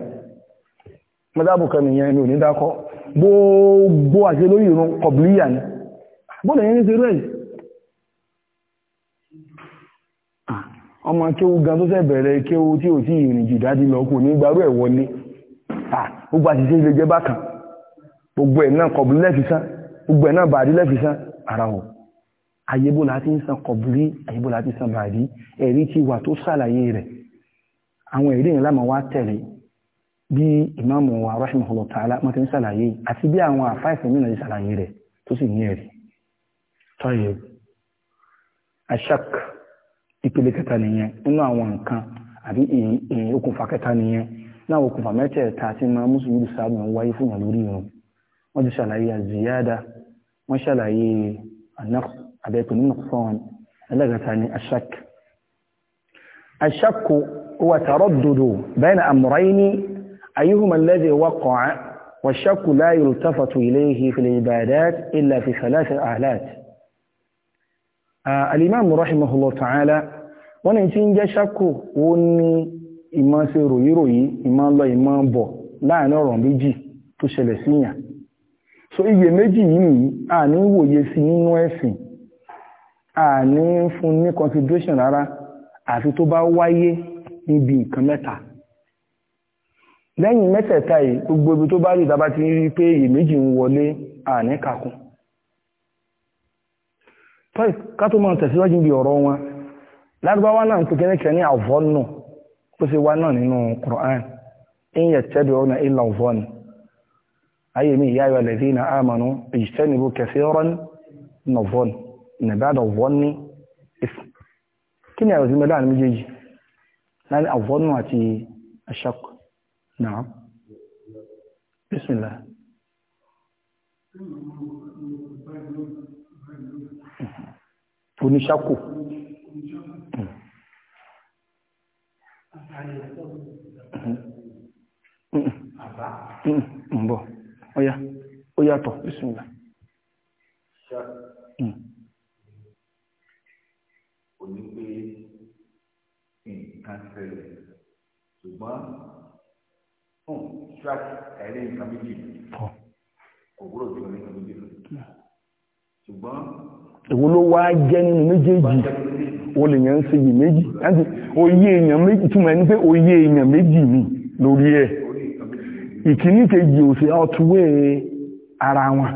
mọ́dábùkan nìyẹn ni ò ní dákọ́ gbogbo àti lórí ìrún kọ̀bílíyà ni bọ́ọ̀lù yẹn ní ti rẹ̀ ọmọ kéwú gan tó fẹ́ bẹ̀rẹ̀ kéwú tí o tí ìrìn jù dájú lọ kò ní gbarú ẹ̀ wọlé gbogbo àti ṣe jẹ́ bákan gbogbo ẹ̀ náà kọ̀bílí san san baadi bí ìmáàmù wa rahimahullah ta'ala wọ́n ti ń ṣàlàyé àti bí àwọn àfáìsẹ̀ mìíràn yìí ṣàlàyé rẹ̀ tó sì ní ẹ̀rí tọ́yẹ̀ ashak ìpele kẹta nìyẹn nínú àwọn nǹkan àbí okùnfà kẹta nìyẹn náà okùnfà mẹ́tẹ̀ẹ̀ta àti máa mùsùlùmí sáàbù ń wáyé fún lórí irun wọ́n ti ṣàlàyé àzìyáda wọ́n ṣàlàyé àbẹ̀pẹ̀ nínú fọ́n ẹlẹ́gàta ni ashak ashakku wa taraddudu bayna amrayni أيهما الذي وقع والشك لا يلتفت إليه في العبادات إلا في ثلاث أهلات آه الإمام رحمه الله تعالى wọ́n ní tí ń jẹ́ ṣákò ó ní ìmọ̀ ṣe ròyíròyí ìmọ̀ lọ ìmọ̀ bọ̀ láàrin ọ̀rọ̀ so iye méjì yìí a ní wòye consideration rárá àfi tó bá wáyé níbi nǹkan mẹ́ta lẹ́yìn mẹ́tẹ̀ẹ̀ta yìí gbogbo ibi tó bá rí ìdábá ti rí pé èméjì ń wọlé àní kàkún tọ́ì ká tó máa tẹ̀síwájú bí ọ̀rọ̀ wọn lárúbáwá náà ń pè kẹ́nìkẹ́ ní àvọ́nù tó ṣe wá náà nínú Qur'an in yattabi'una illa àvọ́nù ayé mi ìyá ayọ̀ lẹ́sí na amanu ijtanibu kathiran nọ̀vọ́nù nìbàdàn vọ́nì kí ni àròsí mẹ́lá àmì نعم بسم الله oníṣàkó ǹbọ̀ ọya ó yàtọ̀ bísmìlá onígbé hmm. nǹkan tẹ̀lẹ̀ ṣùgbọ́n track ẹ̀rí nǹkan méjì òwúrọ̀ tó ní nǹkan méjì hmm. ṣùgbọ́n. èwo ló wá jẹ́ nínú méjèèjì o lè yàn ṣe yìí méjì láti oyè èèyàn méjì túmọ̀ ẹni pé oyè èèyàn méjì mi lórí ẹ̀ ìkíní kejì ọtúwé ara wọn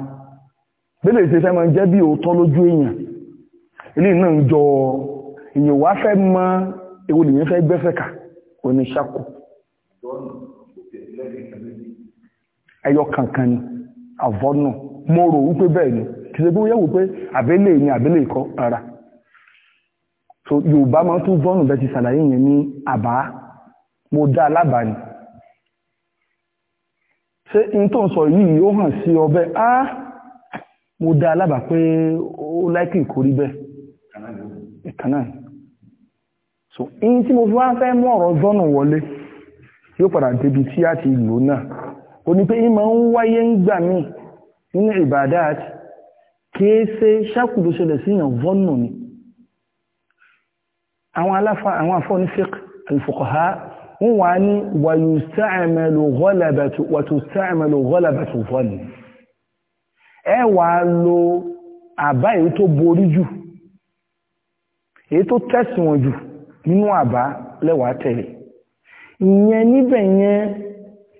bẹ́ẹ̀ ṣe máa jẹ́ bí òótọ́ lójú èèyàn náà ń jọ ẹyọ kankan ni àvọ́nù mo rò wípé bẹ́ẹ̀ ni kì ṣe ó àbẹ́lẹ̀ ni ara so yorùbá máa tún vọ́nù bẹ́ẹ̀ ti ṣàlàyé yẹn ní àbá mo dá alábàá ni ṣé n tó ń sọ yìí ó hàn sí ọbẹ̀ á mo dá alábàá pé ó láìkì kò bẹ́ẹ̀ ìkànnà so in tí mo fi wá fẹ́ mú ọ̀rọ̀ zọ́nù wọlé yóò padà débi tí a ó ní pé ìmọ̀ ń wáyé ń gbà mí nínú ìbàdát kìí ṣe ṣàkùdù ṣẹlẹ̀ síyàn vọ́nà ni àwọn aláfa àwọn afọ́ ní fíkì alfuqaha wọ́n wà ní wàyùsáàmẹ́lò gọ́lẹ̀bẹ̀tù vọ́nà ẹ wà lo àbá èyí tó borí jù èyí tó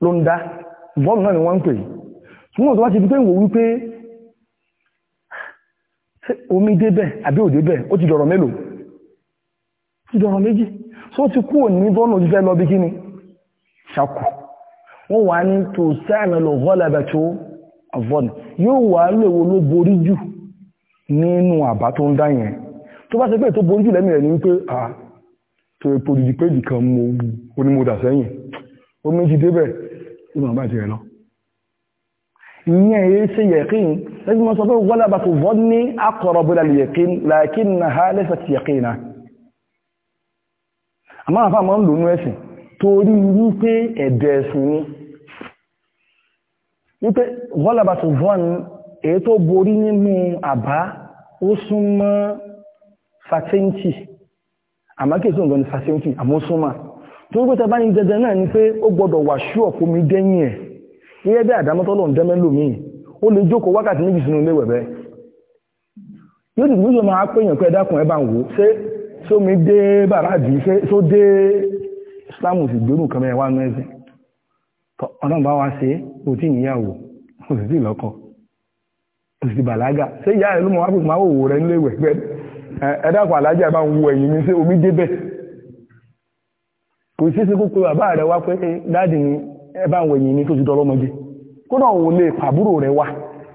ló ń dá bọ́ọ̀lù náà ni wọ́n ń pè ṣùgbọ́n tó wá ti fi pé ń wò wípé omi débẹ̀ àbí òde bẹ̀ ó ti dọ̀rọ̀ mélòó ti dọ̀rọ̀ méjì só ti kúrò ní bọ́ọ̀lù ti fẹ́ lọ bí kíni ṣàkù wọ́n wà ní tó sáàmì lọ họ́lẹ̀bẹ̀ tó avọ́n yóò wà lèwo ló borí jù nínú àbá tó ń dá yẹn tó bá ṣe pé tó borí jù lẹ́mìí rẹ̀ ní wípé à tó epo dìdí péjì kan mo onímọ̀dà sẹ́yìn omi ti débẹ̀ ìmọ̀ bá ti rẹ̀ lọ ìyẹn èyí sí yẹ̀kín lẹ́gbẹ́ mọ́ sọ pé wọ́n lábà tó wọ́n ní akọ̀rọ̀bùlà yẹ̀kín láàkín na ha lẹ́sà ti yẹ̀kín na àmá àfá ma ń lò ní ẹ̀sìn torí wípé ẹ̀dẹ̀ ẹ̀sìn ni wípé wọ́n lábà tó gbé tẹbá ní dandan náà ni pé ó gbọdọ̀ wà ṣú ọ̀fọ́ mi dẹ́yìn ẹ̀ gẹ́gẹ́ bí àdámọ́tọ́lọ̀ ń dẹ́mẹ́ lòmíì ó lè jókòó wákàtí méjì sínú ilé wẹ̀bẹ́ yóò sì gbúdọ̀ máa pèèyàn pé ẹ̀dákun ẹ̀ bá ń wò ṣé ṣé omi dé bàrádì ṣé tó dé islamu sì gbérù kan mẹ́wàá nú ẹ̀sìn ọlọ́run bá wá ṣe ó ti níyàwó ó sì ti lọ́kọ ó sì ti bàlágà ṣé ìyá rẹ̀ ló mọ̀ wá pè máa wò kò sí sí kúkú bàbá rẹ̀ wá pé eh, dáàdì ni ẹbá àwọn èyí ní tó ti dọ́lọ́mọdé kódà òun lè pàbúrò rẹ̀ wá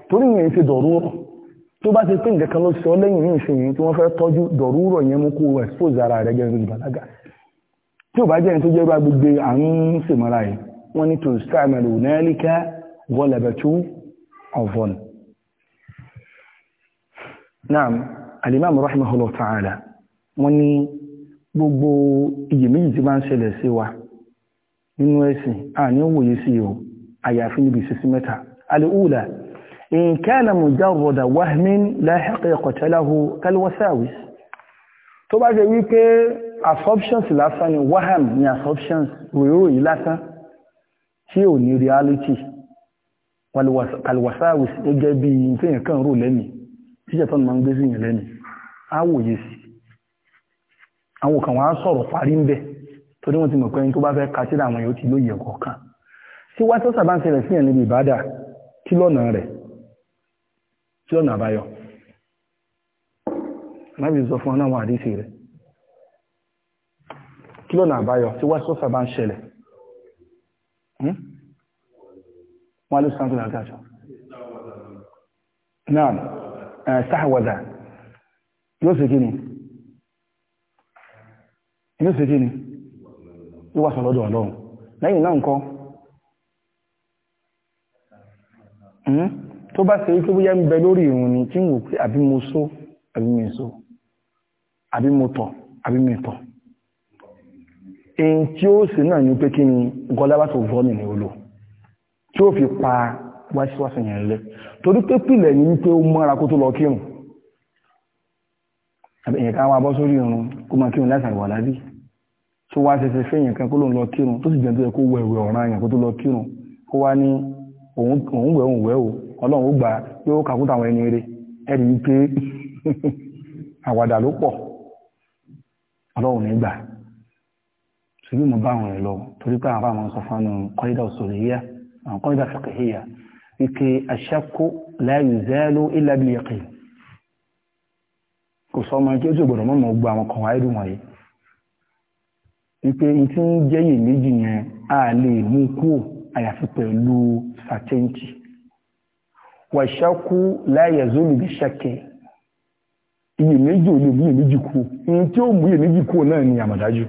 torí yẹn ṣe dọ̀rúrọ̀ tó bá ṣe pé nǹkan kan ló sọ lẹ́yìn ìṣẹ̀yìn wọ́n fẹ́ tọ́jú dọ̀rúrọ̀ yẹn mú kó expose tó wọ́n ta'ala gbogbo iyèméjì tí bá ń ṣẹlẹ̀ sí wa nínú ẹ̀sìn àní òwòye sí o àyàfi níbi ìṣesí mẹ́ta alìhùlà in kana mujarrada wahmin la haqiqata lahu kalwasawis tó bá jẹ́ wípé assumptions lásán ni waham ni assumptions ròyìnrò yìí lásán tí ò ní reality kalwasawis gẹ́gẹ́ bí ìfẹ́yìn kan rò lẹ́mìí tíjẹ́ tó máa ń gbé sí yẹn lẹ́mìí á wòye sí àwọn kan wọ́n á sọ̀rọ̀ parí ń bẹ̀ wọ́n ti ẹni tó bá fẹ́ ka sí àwọn yóò ti lóye ẹ̀kọ́ kan tí wá tó ń ṣẹlẹ̀ sí ẹ̀nìyàn ìbádà kí lọ́nà rẹ̀ kí lọ́nà àbáyọ láti sọ fún àwọn àdísì rẹ̀ kí lọ́nà àbáyọ tí wá tó ń ṣẹlẹ̀ hmm? wọ́n ló sáńtò àgájọ náà sáhàwàdà yóò sì kí ni inú sí kí ni wíwà sọ lọ́dọ̀ ọlọ́run lẹ́yìn náà nǹkan hmm? tó bá ṣe wípé bóyá ń bẹ lórí ìrùn ni tí ń wò pé àbí mo só àbí mi só àbí mo tọ̀ àbí mi tọ̀ èyí tí ó sì náà ní pé kí ni gọlábà tó vọ́ nìyẹn olò tí ó fi pa wáṣíwáṣí yẹn lẹ torí pé pìlẹ̀ ní wípé ó mọ́ra kó tó lọ kírun àbẹ̀yẹ̀ká wa bọ́ sórí ìrùn kó máa kírun láti àríwá lábí tó wá ṣẹṣẹ fẹ́yìn kan kó ló ń lọ kírun tó sì jẹ́ tó yẹ kó wẹ̀ ìwẹ̀ ọ̀ràn àyàn kó tó lọ kírun kó wá ní òun wẹ̀ òun wẹ̀ o ọlọ́run ó gbà yóò kàkútà àwọn ẹni rẹ̀ ẹ̀rí wípé àwàdà ló pọ̀ ọlọ́run ní gbà ṣùgbí mo bá àwọn rẹ̀ lọ torí pé àwọn àwọn sọ fánà kọ́ídà usuliyya àwọn kọ́ídà fiqhiyya wípé aṣakku la yuzalu illa kò sọ ọmọ ẹjọ́ gbọ́dọ̀ mọ́mọ́ gbọ́ àwọn kan wáyé dùn wọ̀nyí wípé n tí ń jẹ́ iyèméjì yẹn a lè mú kúrò àyàfi pẹ̀lú sàtẹ́ǹtì wàṣákú láyé zólùbí ṣàkẹ́ iyèméjì ò lè mú iyèméjì kúrò n tí ó mú iyèméjì kúrò náà ni àmọ̀dájú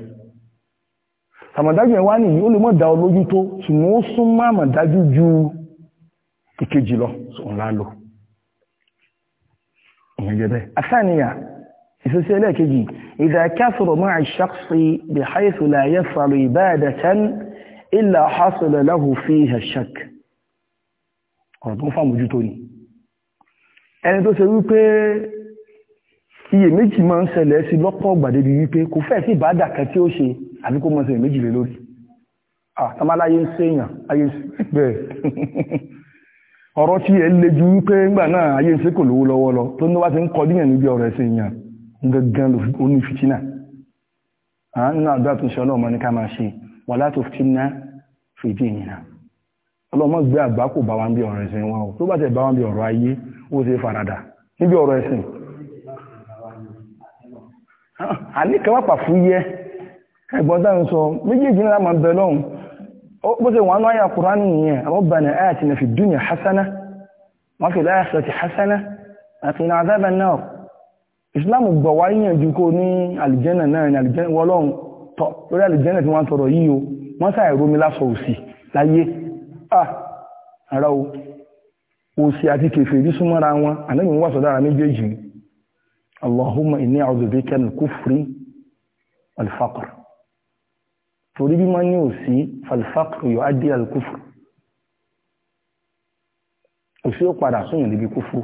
àmọ̀dájú ẹ̀ wá nìyí ó lè mọ̀ dá ọ lójú tó ṣùgbọ́n ó sún mọ́ àmọ̀dájú ju ìkejì lọ sọ̀rọ̀ lálọ́ òun jẹ́ bẹ́ẹ̀ àṣàníyàn ìṣesí ẹlẹ́ẹ̀kejì idha kathura ma'a ash-shakhsi bihaythu la yaf'alu ibadatan illa hasala lahu fiha shak ọ̀rọ̀ tó ń fàmójútó ni ẹni tó ṣe wípé iyèméjì máa ń ṣẹlẹ̀ sí lọ́pọ̀ gbàdébi wípé kò fẹ́ sí ìbádà kan tí ó ṣe àbí kó mọ́ sí ìméjì lé lórí àtàmáláyé ń séèyàn ayé bẹ́ẹ̀ ọ̀rọ̀ gangan oní fitina nínú àdúrà tó ń ṣe ọlọ́mọ ní ká máa ṣe wà látò fitina fìdí ìyìnà ọlọ́mọ gbé àgbá kò bá wọn bí ọ̀rọ̀ ẹ̀sìn wọn o tó bá tẹ̀ bá wọn bí ọ̀rọ̀ ayé ó ṣe farada níbi ọ̀rọ̀ ẹ̀sìn àníkàwápà fún yẹ ẹ̀gbọ́n dáhùn sọ méjèèjì ńlá máa bẹ lọ́hùn bó ṣe wọn náà Kùránì nìyẹn Rabbana atina fid dunya hasana wa fil akhirati hasana wa qina nar ìsìláàmù gbà wá yíyànjú kó ní àlìjẹ́nà náà ní àlìjẹ́nà wọ́lọ́run tọ́ lórí àlìjẹ́nà tí wọ́n tọrọ yìí o wọ́n sáà ìrómi lásọ òsì láyé ara o òsì àti kèfèrí súnmọ́ra wọn ànábì wọ́n wàsọ̀ dára méjèèjì allahumma inni a'udhu bika min kufri wal faqr torí bí wọ́n ní òsì fal faqr yu'addi al òsì ó padà sóyìn níbi kúfúrú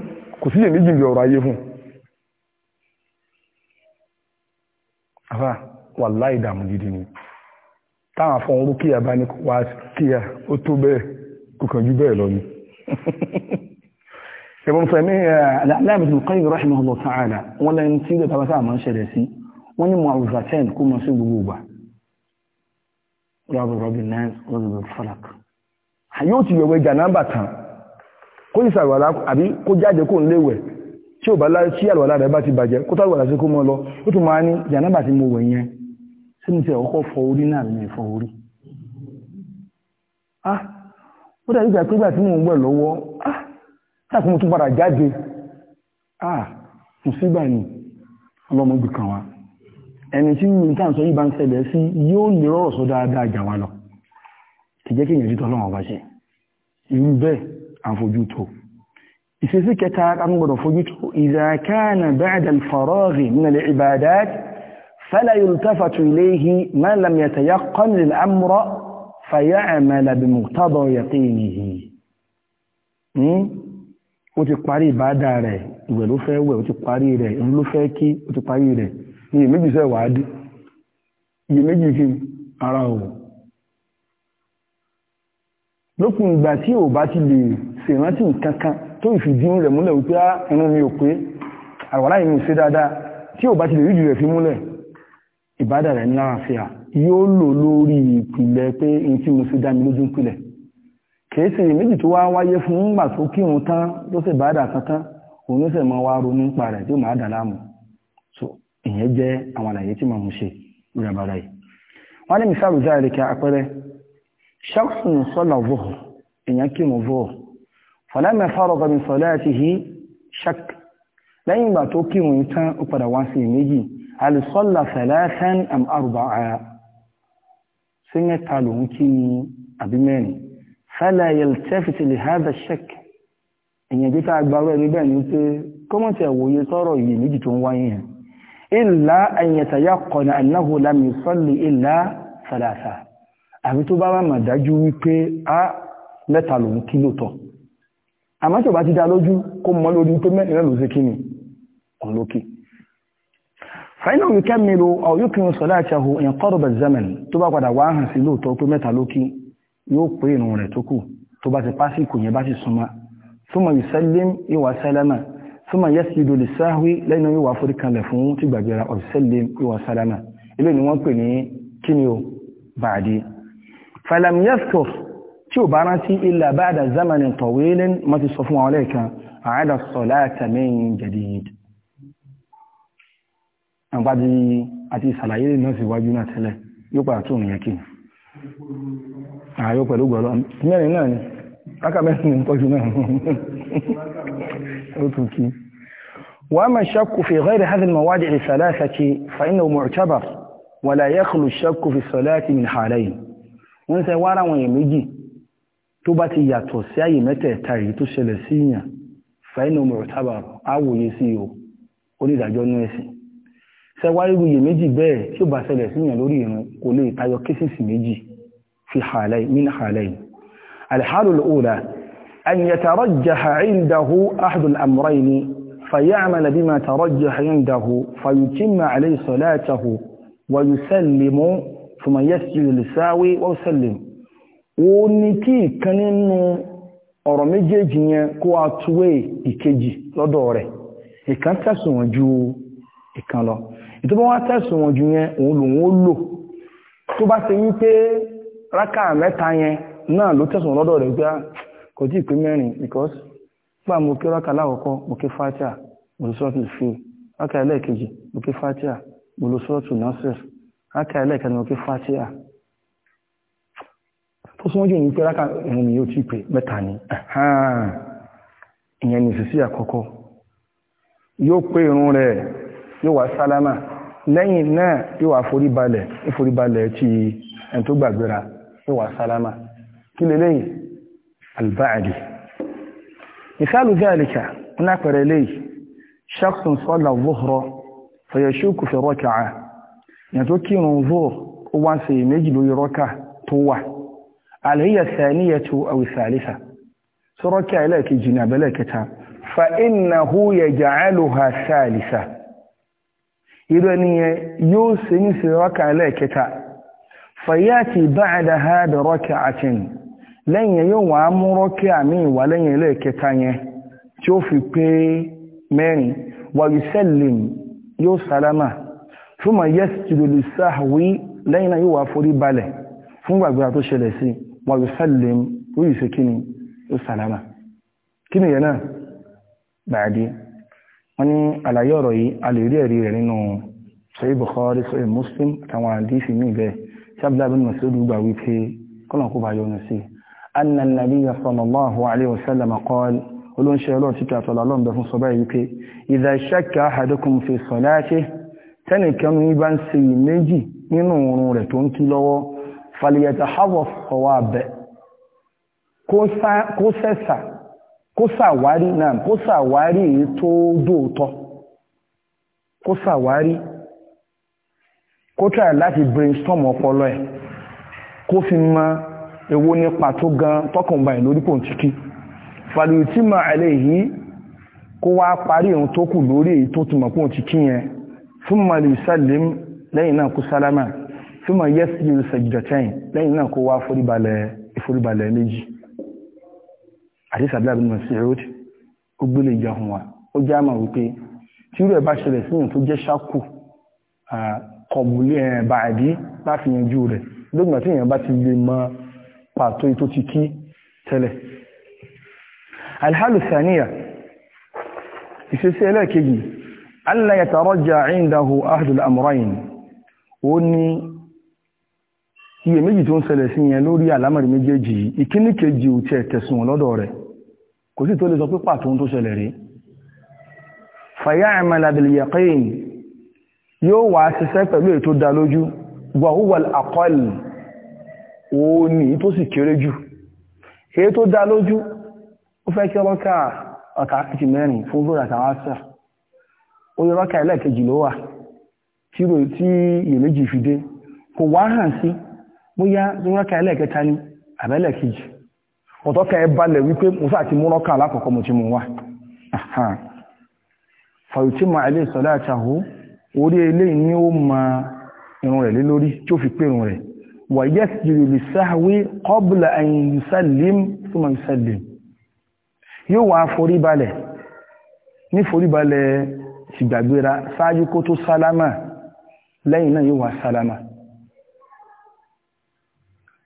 kò sí èméjì bí ọ̀rọ̀ ayé fún àfà wà láì dàmú gidi ni táwọn afọ́n rúkìá bá ní wá kíá ó tó bẹ́ẹ̀ kò kàn jù bẹ́ẹ̀ lọ ni ẹ̀bùn fẹ̀mí aláàbẹ̀tì kọ́yìn rahimahullah ta'ala wọ́n lẹ́yìn tí ìjọba bá sáà ń ṣẹlẹ̀ sí wọ́n ní mu'awwidhatayn kó ìsàlùwàlá àbí kó jáde kó ń léwẹ̀ tí ò bá sí àlùwàlá rẹ̀ bá ti bàjẹ́ kó tàlùwàlá sí kó mọ́ lọ ó tún máa ní jàǹdàbà tí mo wẹ̀ yẹn sí mi ti ọkọ̀ fọ orí náà ní ìfọ orí ah ó dàbí ìgbà pé ìgbà tí mò ń wẹ̀ lọ́wọ́ ah láti mo tún padà jáde ah mùsíbà ni ọlọ́mọ gbì kan wa ẹni tí mi tàn sọ yìí bá ń ṣẹlẹ̀ sí yóò lè rọ̀rọ̀ sọ dáadáa jà wa lọ kì jẹ́ kí èèyàn jítọ́ ọlọ́run ọba ṣe irú bẹ́ẹ̀ أفوجوتو إسيسيك تاك أنقر أفوجوتو إذا كان بعد الفراغ من العبادات فلا يلتفت إليه ما لم يتيقن الأمر فيعمل بمقتضى يقينه ṣèrántí kankan tó ìfìdí rẹ̀ múlẹ̀ wípé ẹnu ah, mi ò pé àwàlá ìmú sí dáadáa tí ò bá ti lè rí jù rẹ̀ fi múlẹ̀ ìbádà rẹ̀ ní àlàáfíà yóò lò lórí ìpìlẹ̀ pé in tí mo sí dá mi lójú pìlẹ̀ kìí ṣe méjì tó wá wáyé fún nígbà tó kírun tán ló sì bádà kankan òun sì máa wá ronú nípa rẹ̀ tí ó máa dà láàmú so ìyẹn jẹ́ àwọn àlàyé tí màá mú ṣe lórí abala yìí wọ́n ní mísàlù jáde kí apẹ́rẹ́ ṣáàkùn sọ́là vọ́ọ̀ èèyàn kírun vọ́ọ̀ fàlámà fárọ̀gọ́ mi sọ láti hí ṣak lẹ́yìn ìgbà tó kírun tán ó padà wá sí méjì alìsọ́là fẹ̀láṣán àm àrùbà àyà sí mẹ́ta lòun kí ni àbí mẹ́rin fẹ́lẹ̀ yẹltẹ́fìtì lè hádà ṣak èyàn jẹ́ ká agbáró ẹni bẹ́ẹ̀ ni pé kọ́mọ̀tì ẹ̀wòye sọ̀rọ̀ yìí méjì tó ń wáyé yẹn ìlà ẹ̀yẹ̀tàyà kọ̀nà ànáhù lámì sọ́lì ìlà fẹ̀láṣà àbí tó bá wà mà dájú wípé á mẹ́ta lòun kí lóòtọ́ àmọ́ tí ò bá ti dá lójú kó mọ́ lórí pé mẹ́rin náà ló ṣe kíni òun lókè fàínà wíkẹ́ mìíràn ọ̀yọ́kùnrin sọ̀lá àti àhò èèyàn kọ́rọ̀ bẹ̀ zẹ́mẹ̀n tó bá padà wá hàn sí lóòótọ́ pé mẹ́ta lókè yóò pé ìrùn rẹ̀ tó kù tó bá ti pásíkò yẹn bá ti súnmọ́ súnmọ́ ìsẹ́lẹ́m ìwà sálámà súnmọ́ yẹ́sìdò lè sáwé lẹ́nu ìwà foríkanlẹ̀ fún ti gbàgbéra ọ̀sẹ́lẹ́m ìwà sálámà ilé ni wọ́n pè ní kíni o bàdí fàlàmìyàsọ̀rọ̀ tí ò bá rántí ilà báadà zamani tọ̀wélín mọ́ ti sọ fún àwọn lẹ́ẹ̀kan àádà sọ̀lá tàmíyìn jadid àgbàdì àti ìsàlàyé náà sì wájú náà tẹ́lẹ̀ yóò padà tó nìyẹn الشك في غير هذه المواضع الثلاثة فإنه معتبر ولا يخلو الشك في الصلاة من حالين wọ́n sẹ wára wọn èméjì tó bá ti yàtọ̀ sí àyè mẹ́tẹ̀ẹ̀ta yìí tó ṣẹlẹ̀ sí ìyàn fàínà mọ̀rọ̀tábà àwòye sí o onídàájọ́ ní ẹ̀sìn sẹ́wáríwú yìí méjì bẹ́ẹ̀ tí ó bá ṣẹlẹ̀ sí ìyàn lórí ìrun kò lè tayọ kéṣìṣì méjì fi hàlẹ́ min hàlẹ́ alhálù lóòlà an yatarajjaha indahu ahadul amrayni fay'amal bima tarajjaha indahu fayutimma alayhi salatahu wa yusallimu thumma yasjudu lisawi wa yusallimu ó ní kí ìkan nínú ọ̀rọ̀ méjèèjì yẹn kó a túwé ìkejì lọ́dọ̀ rẹ̀ ìkan tẹ̀sùn wọn ju ìkan lọ ìtọ́bọ̀ wọn tẹ̀sùn wọn ju yẹn òun lòun ó lò tó bá ṣe wípé rákà mẹ́ta yẹn náà ló tẹ̀sùn lọ́dọ̀ rẹ̀ gbá ah, kò tí ì pé mẹ́rin because gbà mo kí rákà lákọ̀ọ́kọ́ mo kí fatia mo lọ sọ́ọ̀tù fi rákà ẹlẹ́ẹ̀kejì mo kí fatia mo lọ sọ́ọ̀tù nasir rákà ẹlẹ́ẹ̀kejì mo kí fatia tó súnmọ́ jù ní pé rákà ìrun mi yóò tí pé mẹ́ta ni ìyẹn ni ìsìsí àkọ́kọ́ yóò pé ìrun rẹ̀ yóò wá sálámà lẹ́yìn náà yóò wá foríbalẹ̀ ìforíbalẹ̀ tí ẹni tó gbàgbéra yóò wá sálámà kí lè lẹ́yìn albáàdì ìsáàlù gáàlìkà ńlá pẹ̀rẹ̀ lẹ́yìn ṣáksùn sọ́là vóhùrọ̀ fẹ̀yẹ̀ṣókù fẹ̀rọ̀kà tó wà àlẹ́yà sàníyà tó àwìsàlẹ́sà sọ́rọ́ kí àìlẹ́kẹ̀jì ní àbẹ́lẹ́kẹta fa iná hú yẹ jàálù ha sàlẹ́sà irú ẹni yẹn yóò sì ní sí rọ́kà àìlẹ́kẹta fàyàtì báàdà ha da rọ́kà àtin lẹ́yìn yóò wà á mú rọ́kà àmì ìwà lẹ́yìn ẹlẹ́kẹta yẹn tí ó fi pé mẹ́rin wà yusallim ó yìí ṣe kí ni ó sàlámà kí ni yẹn náà bàdí wọ́n ní àlàyé ọ̀rọ̀ yìí a lè rí ẹ̀rí rẹ̀ nínú sahih bukhari sahih muslim àtàwọn àdífì míì bẹ́ẹ̀ tí abdullahi bin masud gbà wípé kọ́nà kó bá yọnu sí anna nabiyya sallallahu alayhi wa sallam qala olóńṣẹ́ ọlọ́run títà àtọ̀lá wípé idha bá ń fàlìyàtà harvard ọwọ́ abẹ kó sẹ́sà kó sàwárí náà kó sàwárí èyí tó dóòtọ́ kó sàwárí kó try láti brainstorm ọpọlọ ẹ̀ kó fi mọ èwo nípa tó gan tọkànbà ẹ̀ lórí pòǹtíkì fàlìyà tí ma ẹ̀lẹ́ yìí kó wá parí ohun tó kù lórí èyí tó ti mọ̀ pòǹtíkì yẹn fún mọ̀lì sálẹ̀m lẹ́yìn náà kó sálámà súnmọ̀ yes you sẹ̀jìdọ̀tẹ́yìn lẹ́yìn náà kó wá ìforíbalẹ̀ méjì àti sàbílábí mọ̀síhóòdì ó gbélé ìjọhun wa ó já mọ̀ wípé tí irú ẹ̀ bá ṣẹlẹ̀ síyàn tó jẹ́ ṣákù kọ̀bùlé ẹ̀bà àdí láti yanjú rẹ̀ lóògbà tí èèyàn bá ti lè iyèméjì tó ń ṣẹlẹ̀ sí yẹn lórí àlámọ̀rí méjèèjì yìí ìkíní kejì ò tiẹ̀ tẹ̀sùn wọn lọ́dọ̀ rẹ̀ kò sí tó lè sọ pé pàtó ohun tó ṣẹlẹ̀ rí faya'mal bil yaqin yóò wá ṣiṣẹ́ pẹ̀lú èyí tó dá lójú wa huwa al aqall òun ni tó sì kéré jù èyí tó dá lójú ó fẹ́ kí ọlọ́kà ọ̀tà àti mẹ́rin fún lórí àtàwọn ó yẹ ọlọ́kà ẹlẹ́ẹ̀kejì ló wà tí iyèméjì fi dé kò wá hàn sí bóyá rọ́kà ẹlẹ́ẹ̀kẹta ni àbẹ́lẹ̀kejì ọ̀tọ́kà ẹ balẹ̀ wípé musa àti múrọ́kà alákọ̀ọ́kọ́ mo ti mú wá fàyùtímọ̀ àìlè sọ́lá àtàhó orí eléyìí ni ó ma irun rẹ̀ lé lórí tí ó fi pé irun rẹ̀ wà yẹ́ jìrì lè sáwé kọ́bùlà ẹ̀yìn yusalim súnmọ̀ yusalim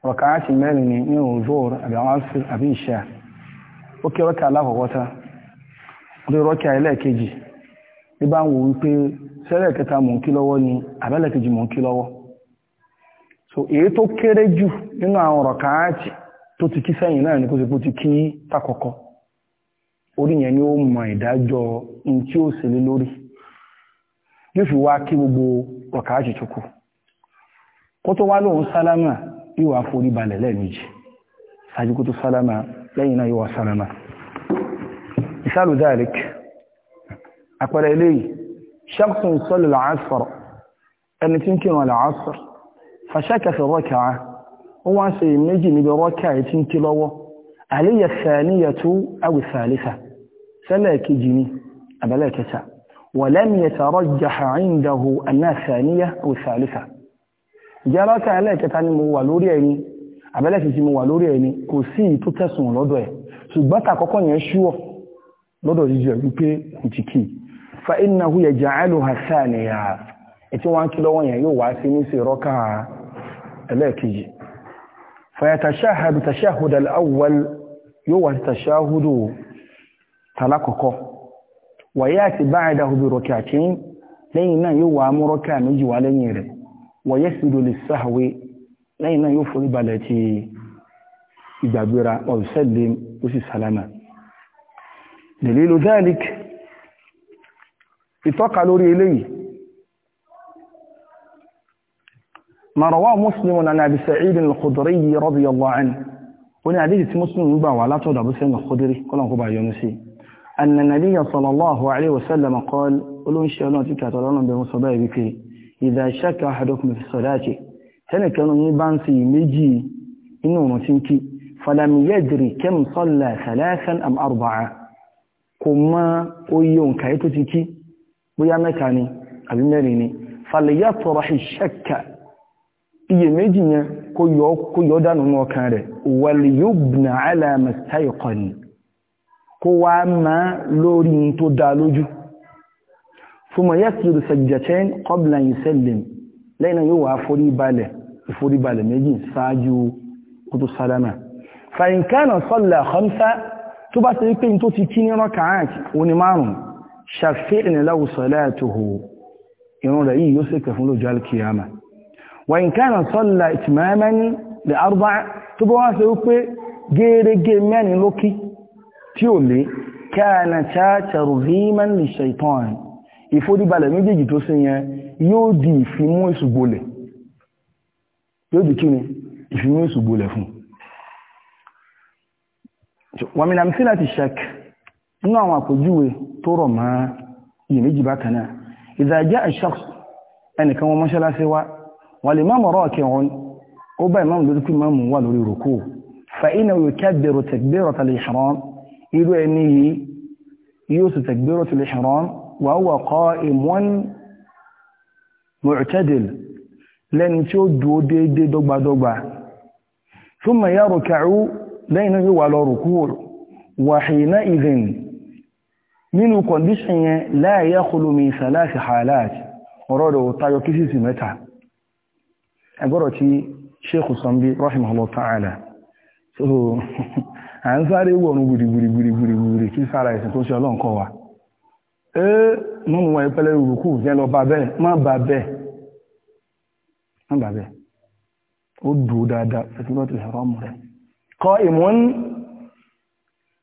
wákàtí mẹ́rin ní ìrùn zoor àbí àwọn ó kí rọ́kà alákọ̀ọ́kọ́ta orí rọ́kà ẹlẹ́ẹ̀kejì ní bá ń wò wípé sẹ́lẹ̀ kẹta mò kí ni àbẹ́lẹ̀kejì kí lọ́wọ́ so èyí tó kéré jù nínú àwọn rọ̀kàátì tó ti kí sẹ́yìn náà ní kó ti kó ti kí takọ̀kọ́ orí yẹn ni gbogbo kó tó yóò wá forí balẹ̀ lẹ́ẹ̀mejì ṣáájú kó tó sálámà lẹ́yìn náà yóò wá sálámà ìsáàlù dáàlík àpẹẹrẹ eléyìí ṣàkùn sọ́lù làásọ̀rọ̀ ẹni tí ń kírun làásọ̀rọ̀ fàṣàkẹsẹ̀ rọ́kà ó wá ń ṣe méjì níbi rọ́kà yìí tí ń kí lọ́wọ́ àléyà sàníyà tó àwì sàlífà sẹ́lẹ̀ kejì ni àbẹ̀lẹ̀ kẹta wọ̀lẹ́mìyà tààrọ̀ jàhà ìndàhù àná sàníyà àwì sàlífà ìjẹ́ rákà ẹlẹ́ẹ̀kẹta ni mo wà lórí ẹni àbẹ́lẹ́sì tí mo wà lórí ẹni kò sí ì tó tẹ̀sùn lọ́dọ̀ ẹ̀ ṣùgbọ́n tàkọ́kọ́ yẹn ṣúọ̀ lọ́dọ̀ jíjọ wípé ìtìkì fa innahu yaj'aluha thaniya ètí wọ́n kí lọ́wọ́ yẹn yóò wá sí ní sí rọ́kà wọ̀yẹ́ sídò lè sáàwé lẹ́yìn náà yóò forí balẹ̀ ti ìgbàgbéra ọ̀sẹ́lẹ̀ ó sì sálámà dalilu dhalik ìtọ́ka lórí eléyìí ma rawahu muslim na nabi sa'id al-khudri radiyallahu anhu wani hadisi tí muslim gbà wà látọ̀dọ̀ abu sa'id al-khudri bá yọnu sí anna nabiyya sallallahu alaihi wasallam qala olóhun ṣe ọlọ́run ti kàtọ̀ lọ́nà bẹ̀rún sọ báyìí wípé idha shakka ahadukum fi salati tẹ́nìkan ní bá ń ṣe méjì inú ọ̀run tí ń kí falam yadri kam salla thalathan am arba'a kò mọ oye òǹkà tó ti kí bóyá mẹ́ta ni àbí mẹ́rin ni falyatrah shakka iye méjì yẹn kó yọ dánù ní ọkàn rẹ̀ wal yubna ala mastayqan kó wá máa lórí tó dá lójú ثم يسجد سجدتين قبل ان يسلم lẹ́yìn náà yóò wá foríbalẹ̀ ìforíbalẹ̀ méjì ṣáájú kútù sálámà fàyínkánà sọ́lá khamsa tó bá ti pé tó ti kí ní rọ́kàáàkì oní márùn ṣàfẹ́ ìnìláwò sọ́láàtòhò irun rẹ̀ yìí yóò sì kẹ fún lójú alkiyama wàyínkánà sọ́lá ìtìmáyámẹ́ni lè arúbá tó bá wá ìforíbalẹ̀ méjèèjì tó sí yẹn yóò di ìfimú ìṣùgbọ́lẹ̀ yóò di kí ni ìfimú ìṣùgbọ́lẹ̀ fún wàmìnà sí láti ṣak nínú àwọn àpòjúwe tó rọ̀ mọ́ iyèméjì bákan náà ìdájá ìṣàkó ẹnìkan wọn mọ́ṣáláṣí wá wà lè má mọ̀rọ̀ kẹwọn ó bá ìmáàmù lórí pé máàmù wà lórí rùkú fa iná yóò kẹ́bẹ̀rọ̀ tẹ̀gbẹ̀rọ̀ tẹ̀lẹ̀ ìṣàrán irú ẹni yìí yóò sì tẹ̀gbẹ̀rọ̀ tẹ̀lẹ̀ ìṣàrán wàhùwà qa'imun mu'tadil lẹ́ni tí ó dúó déédé dọ́gbadọ́gba thumma yarka'u lẹ́yìn náà yóò wà lọ rùkú wa hina idhin nínú kọ̀ndíṣìn yẹn la yakhlu min thalathi halat ọ̀rọ̀ rẹ̀ tayọ kí sí mẹ́ta ẹgbọ́rọ̀ tí sheikh sanbi rahimahullah ta'ala ee mọ́mù wọn ìpẹ́lẹ̀ ìrùkú jẹ́ lọ bá bẹ́ẹ̀ má bà bẹ́ẹ̀ má bà bẹ́ẹ̀ ó dùn dáadáa fẹ́tíwọ́tì ẹ̀rọ ọmọ rẹ̀ kọ ìmọ̀ ń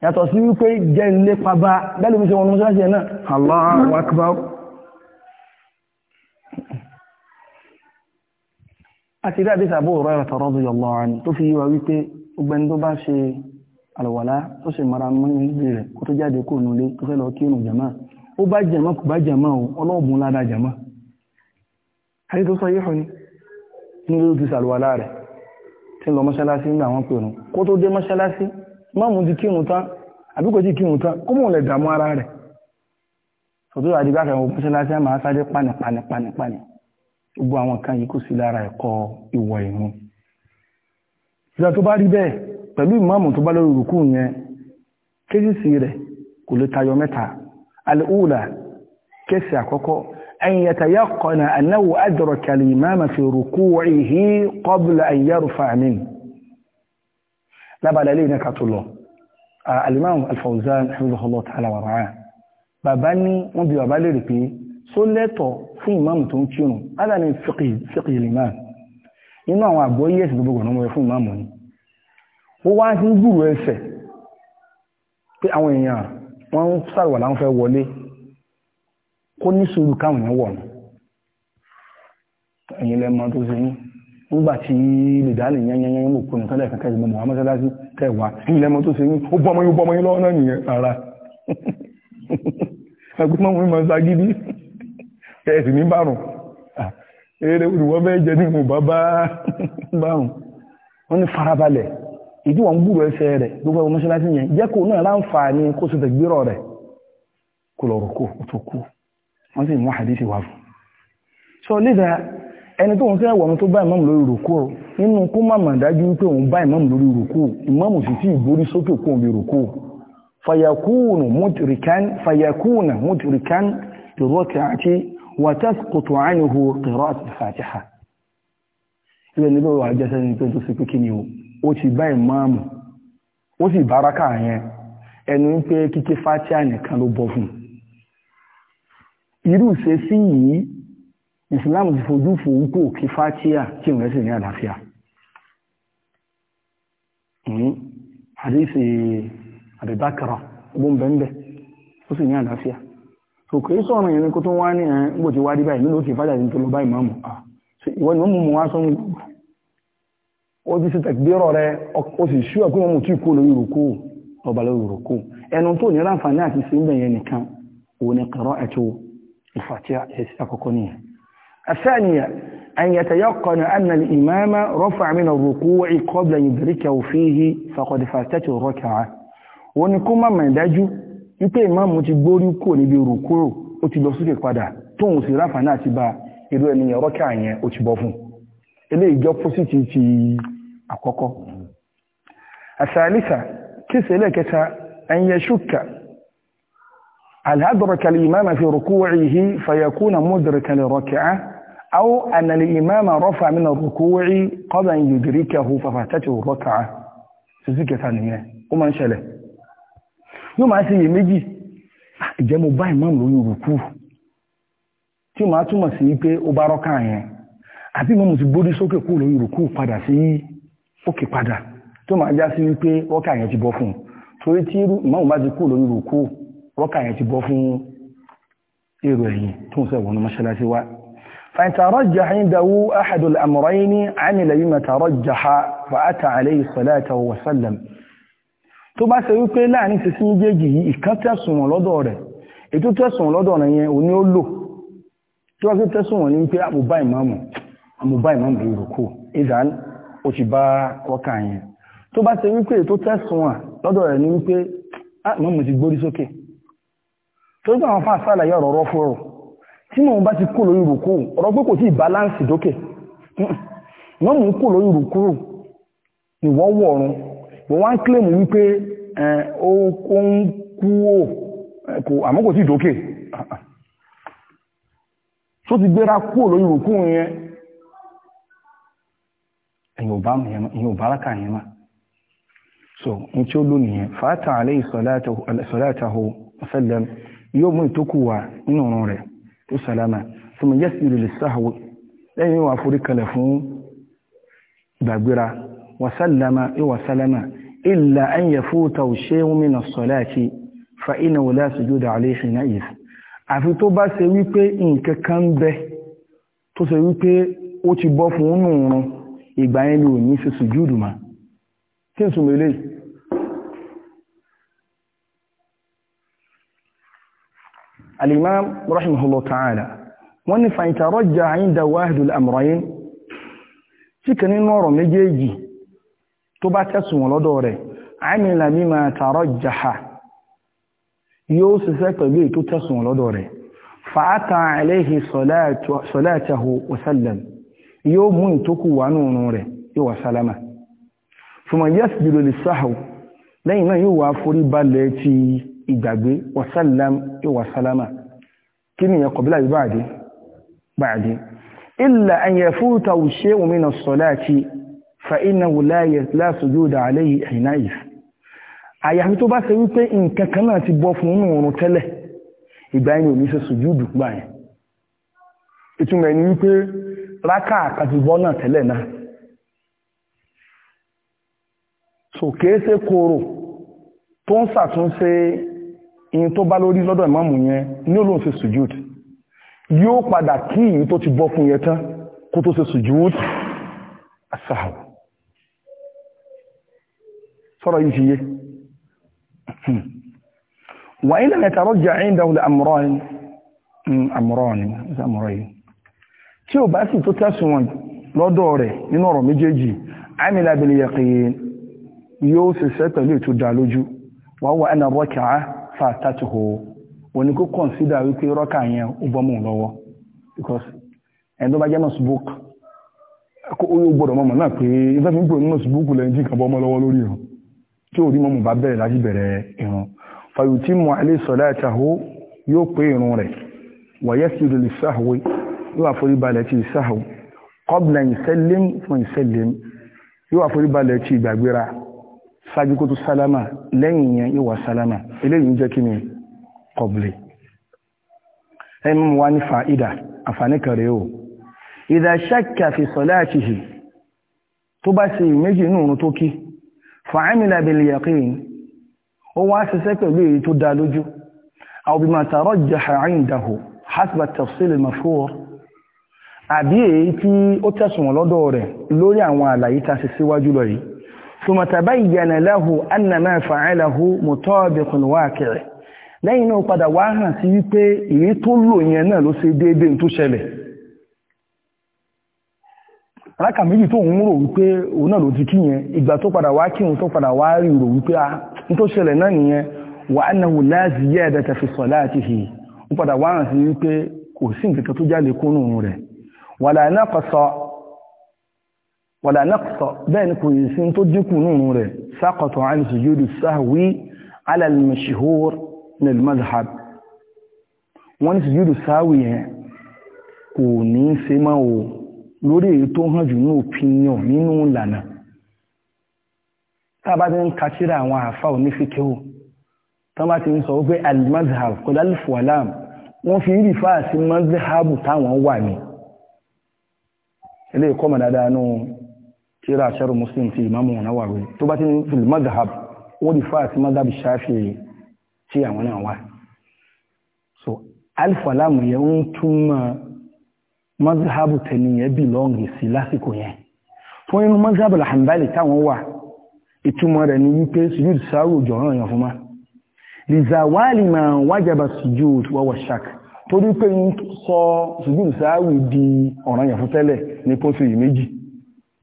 yàtọ̀ sí wípé jẹ́ ilé pàbá bẹ́ẹ̀lú fi ṣe wọn mọ́ṣáṣí ẹ̀ náà Allahu akbar àti dáadé sàbó ọ̀rọ̀ ẹ̀rọ tọ̀rọ̀ bíi ọlọ́ àní tó fi wá wípé ọgbẹ́ni tó bá ṣe àlùwàlá tó ṣe mara mọ́ ilé rẹ̀ kó tó jáde kó nulé tó fẹ́ lọ kírun jàmáà ó bá jẹ̀mọ́ kò bá jẹ̀mọ́ ọlọ́ọ̀bùn lára jẹ̀mọ́ àti tó sọ yíò ní nílò ti sàlùwàlá rẹ̀ tí lọ mọ́ṣálásí ní àwọn pèrò kó tó dé mọ́ṣálásí máàmù ti kírun tán àbí kò ti kírun tán kó mọ̀ lẹ̀ dààmú ara rẹ̀ sọ̀tọ́ àdìbá kẹwọn mọ́ṣálásí máa sáré pánipánipánipáni gbogbo àwọn kan yìí kò sí lára ẹ̀kọ́ ìwọ̀ ìrun ìgbà tó bá rí bẹ́ẹ̀ bá lórí kò lè tayọ mẹ́ta الأولى كيس أكوكو أن يتيقن أنه أدرك الإمام في ركوعه قبل أن يرفع منه لا بل لي نكعة الله آه الإمام الفوزان حفظه الله تعالى ورعاه باباني مبي بابالي ربي سلطة في إمام تنكينه هذا من فقه فقه الإمام إمام أبوي يسبب غنمه في إمامه هو واحد يقول ويسه في أوين يارا wọ́n ń sàrọ̀wà láwọn fẹ́ wọlé kó ní sùúrù káwọn èèyàn wọ̀ ní ẹ̀yìn lẹ́mọ tó ṣe yín nígbà tí lè dá nìyẹn yẹn yẹn mú kó nìkan lẹ́ẹ̀kan kẹ́sì mọ́mọ́ amọ́sálásí kẹwàá ẹ̀yìn lẹ́mọ tó ṣe yín ó bọ́mọ yín bọ́mọ yín lọ́wọ́ náà nìyẹn ara ẹgbẹ́ mọ́ mi máa ṣagídí ẹ̀sì ní bárùn eré olùwọ́ bẹ́ẹ̀ jẹ́ ní mo bá bá bárùn wọ́n ní farabalẹ̀ ìdí wọn gbúrò ẹsẹ̀ rẹ̀ gbogbo ọmọ mọ́ṣáláṣí yẹn jẹ́ kó náà láǹfààní kó sì tẹ̀gbérọ̀ rẹ̀ kó lọ rọ̀kó tó kú wọ́n sì mú àdísì wá fún so lẹ́dà ẹni tó ń fẹ́ wọ̀n tó bá ìmáàmù lórí rùkú nínú kó má mà dájú pé òun bá ìmáàmù lórí rùkú ìmáàmù sì tí ìborí sókè kó bí rùkú fayakúnù mútìrìkán fayakúnù mútìrìkán ìrọ́kì àti wàtàkùtù àyìnhù kìrọ́ọ̀tì fàtíhà ilẹ̀ níbẹ̀ wà jẹ́sẹ̀ ní pé tó sì pé kí ni o ó ti bá ìmáàmù ó sì báraka yẹn ẹnu pé kíké fatia nìkan ló bọ́ fún irú ìṣesí yìí Islam ti fojú fò ń kò kí fatia kí òun ẹsẹ̀ ní àlàáfíà àdíṣe àbẹ̀bákara gbóǹbẹ̀ǹbẹ̀ ó sì ní àlàáfíà so kìí sọ̀rọ̀ ìrìn kó tó wá ní ẹ̀ ń gbòtí wá rí báyìí nílò kìí fájà tó lọ ó ti ṣe tẹ̀gbérọ̀ rẹ ó sì ṣú ẹ̀kú ìmọ̀mù tí kò lórí rùkú ọba lórí rùkú ẹnu tó ní láǹfààní àti sí ń nìkan òun ni kọ̀rọ̀ ẹ̀tọ́ ìfàtí ẹ̀sí àkọ́kọ́ nìyẹn الثانية أن يتيقن أن الإمام رفع من الركوع قبل يدركه فيه فقد فاتته الركعة ونكون من داجو ipe ìmáàmù ti gbórí kò níbi rùkúrò ó ti lọ sókè padà tóun sì ráfà náà ti ba rọ́kà ilé ìjọpọ̀ sí ti ti àkọ́kọ́ àsàlìsà kíṣe ẹlẹ́kẹta ẹ̀yẹṣúkà الأدرك الإمام في ركوعه فيكون مدركا لركعة أو أن الإمام رفع من الركوع قبل أن يدركه ففاتته الركعة سيزيك ثانية وما إن شاء الله يوم أسي يميجي ìjẹmú bá ìmáàmù lórí rùkú tí ó máa túnmọ̀ sí pé ó bá rọ́kà yẹn àti mọ́mù ti gbórí sókè kú lórí ìrùkú padà sí òkè padà tó máa já sí wípé rọ́kà yẹn ti bọ́ fún un torí tí mọ́mù bá ti kú lórí ìrùkú rọ́kà yẹn ti bọ́ fún èrò ẹ̀yìn tó ń sẹ́wọ̀n mọ́ṣáláṣí wá فإن أحد الأمرين عمل بما ترجح فأتى عليه الصلاة وسلم tó bá ṣe wípé láàrin ti sí méjèèjì yìí ìkan tẹ̀sùn wọn lọ́dọ̀ rẹ̀ ètò tẹ̀sùn lọ́dọ̀ rẹ̀ yẹn ò ní tí wọ́n tẹ̀sùn wọn ní pé àbúbá ah, ìmáàmù mo bá ìmọ̀ mi rùkú ìdán ó ti bá wọ́kà yẹn tó bá ṣe wípé tó tẹ̀sùn à lọ́dọ̀ rẹ̀ ní wípé àmọ́ mo ti gbórí sókè tó gbà wọn fà sàlàyé ọ̀rọ̀ ọ̀rọ̀ fọ́rọ̀ tí mo bá ti kó lórí rùkú ọ̀rọ̀ pé kò tí ì báláǹsì dókè wọ́n ni tó ti gbéra kúrò lórí rùkú yẹn èyàn ò báraka yẹn mà so n tí ó lò nìyẹn fàátà alayhi salatahu wasallam yóò mú ìtókù wá nínú ọ̀rọ̀ rẹ̀ tó sàlámà tó mọ̀ yẹ́sì ìrìlẹ̀ sáhù lẹ́yìn yóò wá forí kalẹ̀ fún gbàgbéra wasalama yóò sálámà illa an yafuta shay'un min as-salati fa innahu la sujuda alayhi na'if àfi tó bá ṣe wípé nǹkan kan bẹ́ tó ṣe wípé ó ti bọ́ fún nùrùn ìgbà yẹn ló ní ṣe sùjúdù ma kí n sùn mẹ́lẹ́ al-imam rahimahullah ta'ala wọ́n ni fàìtàrọ̀ jà inda wahidul amrayn tí kan nínú ọ̀rọ̀ méjèèjì tó bá tẹ́sùn wọn lọ́dọ̀ rẹ̀ amila tẹ́sùn wọn lọ́dọ̀ rẹ̀ fa'ata alayhi salatahu wa sallam yóò mú ìtókù wà nínú rẹ̀ yóò wà sálámà ṣùgbọ́n yẹ́sì jùlọ lè sáhù lẹ́yìn náà yóò wà forí balẹ̀ ti ìgbàgbé wàsálàm yóò wà sálámà kí ni ẹ̀kọ̀bílà yóò báàdé báàdé illa an yafuta shay'un min as-salati fa innahu la sujuda alayhi hina'if àyàfi tó bá ṣe wípé nǹkan kan náà ti bọ́ fún inú oorun tẹ́lẹ̀ ìgbà yẹn ò ní ṣe sùjúdù gbà yẹn ìtumọ̀ ẹni wípé Raka àkàtì bọ́nà tẹ́lẹ̀ náà so kéése kòrò tó ń sàtúnṣe in tó bá lórí lọ́dọ̀ ìmáàmù yẹn ní olóhùn ṣe sùjúd yóò padà kí ìyí tó ti bọ́ fún yẹn tán kó tó ṣe sùjúd asáhù sọ́rọ̀ yìí fi yé wà ilẹ̀ mẹ́ta rọ́jà ẹ̀yìn dáwọlẹ̀ àmúrọ̀ tí ò bá sì tó tẹ́sùn lọ́dọ̀ rẹ̀ nínú ọ̀rọ̀ méjèèjì amila bil yaqin yóò ṣiṣẹ́ pẹ̀lú ètò dá lójú wàá ana raka'a fatatuhu òní kó kọ̀nsídà wípé rọ́kà yẹn ó bọ́mù lọ́wọ́ because ẹni tó bá jẹ́ nọ́sùbúk kó ó yóò gbọ́dọ̀ mọ́mọ́ náà pé ìfẹ́ fi ń pè ní nọ́sùbúk lẹ́yìn tí nǹkan bọ́mọ́ lọ́wọ́ lórí ìrùn tí ò rí mọ́mù bá bẹ̀rẹ̀ láti bẹ̀rẹ̀ ìrùn fàyùtí mu alẹ́ sọ̀dá ẹ̀tàhó yóò pé ìrùn rẹ̀ wàyẹ́sì rẹ̀ lè sáhwé yóò àforíbalẹ̀ ti ìsáhù kọ́bìnà ìsẹ́lẹ̀m fún ìsẹ́lẹ̀m yóò àforíbalẹ̀ ti ìgbàgbéra ṣáájú kó tó sálámà lẹ́yìn yẹn yóò wá sálámà eléyìí ń jẹ́ kí ni kọ́bìlì ẹn mú wá ní fàídà àǹfààní kẹrẹ o ìdá ṣákà fi sọ̀lá àtìhì tó bá ṣe méjì inú òun tó kí fàámìlà ó wá ṣiṣẹ́ pẹ̀lú èyí tó dá lójú àwọn bí màtàrọ̀ jẹ́ àìndàhù hasbà tafsil mafúwọ́ àbí èyí tí ó tẹ̀sùn wọn lọ́dọ̀ rẹ̀ lórí àwọn àlàyé a ṣe síwájú lọ yìí thumma tabayyana lahu anna ma fa'alahu mutabiqun lil-waqi' lẹ́yìn náà padà wá hàn sí wípé tó lò yẹn náà ló ṣe tó ṣẹlẹ̀ alákà méjì tó ń rò wípé òun náà ló ti kí yẹn ìgbà tó padà wá kí òun tó wa padà wá hàn sí wípé kò sí nǹkan tó jáde kónú wàlà naqsa wàlà naqsa bẹ́ẹ̀ ni kò yìí sí tó dínkù nínú rẹ̀ saqata an sujudi sahwi ala al-mashhur min al-madhhab wọ́n ní sujudi sahwi yẹn kò ní ṣe máa wò lórí èyí tó hàn jù ní opinion nínú ìlànà tábà ti ń kàṣírà àwọn àfà onífíkẹ́wò tán bá ti ń sọ wípé al-madhhab wọ́n fi ń rí sí madhhabu táwọn wà ní ilé ìkọ́mọ̀ dáadáa nù tíra aṣẹ́rù muslim ti ìmáàmù Nawawi tó bá ti ní fil madhab wọ́n di fáàsì madhab Shafi'i tí àwọn náà wà so alifalamu yẹn ń túmọ̀ madhab tẹ̀niyẹ bí lọ́ọ̀gì sí lásìkò yẹn fún inú madhab al-Hanbali táwọn wà ìtumọ̀ rẹ̀ ni wípé sujud sáwò jọ̀rọ̀ yẹn fún ma lizawali ma wajaba sujud wa wa torí pé ń sọ ṣùgbùn sáàwì di ọ̀ràn yẹn fún tẹ́lẹ̀ ní kó ṣe ìyèméjì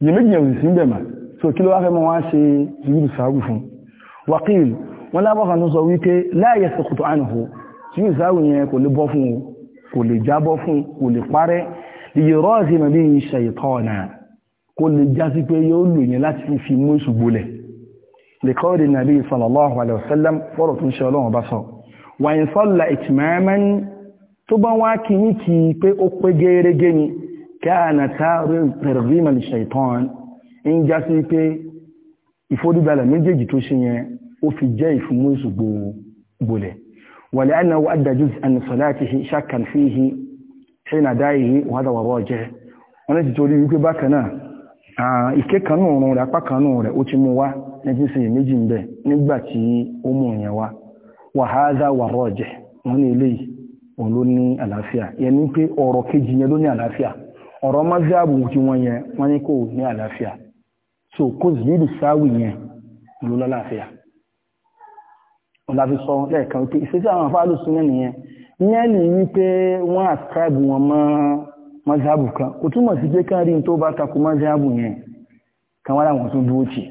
ìyèméjì yẹn ò sì sí bẹ̀mà so kí ló wá fẹ́ mọ́ wá ṣe ṣùgbùn sáàwì fún wakil wọ́n lábọ́kan tó sọ wípé láàyè sọkùtù ànàhù ṣùgbùn sáàwì yẹn kò fọ́rọ̀ tó ṣe ọlọ́run bá sọ wàyìn sọ́lá ìtìmẹ́mẹ́ni tó bá wá kí ní kí pé ó pé gẹ́rẹ́gẹ́ ni káàna táàrí pẹ̀rẹ̀rímà lè pe ń já sí pé ìforíbalẹ̀ méjèèjì tó ṣe je ó fi jẹ́ wale ana gbolẹ̀ wàlẹ̀ àná wà dájú ànìsọ̀láti na fíhi ṣe nà dáìhí wàdà wà rọ́ọ̀jẹ́ ti torí wípé bákan náà ìké kanú òun kanu apá kanú rẹ̀ ó ti mú wá ẹjí sí òun ló ní àlàáfíà yẹn ní pé ọ̀rọ̀ kejì yẹn ló ní àlàáfíà ọ̀rọ̀ mazhabu tí wọ́n yẹn wọ́n ní kò ní àlàáfíà so kó zìlì sáwì yẹn ló lálàáfíà ọ̀làfi sọ lẹ́ẹ̀kan pé ìṣesí àwọn afáàlù súnmọ́ nìyẹn ìyẹn lè ní pé wọ́n àsìkáàbù wọn mọ́ mazhabu kan kò túmọ̀ sí pé káàrí tó bá takò mazhabu yẹn kan wá láwọn tó dúró tì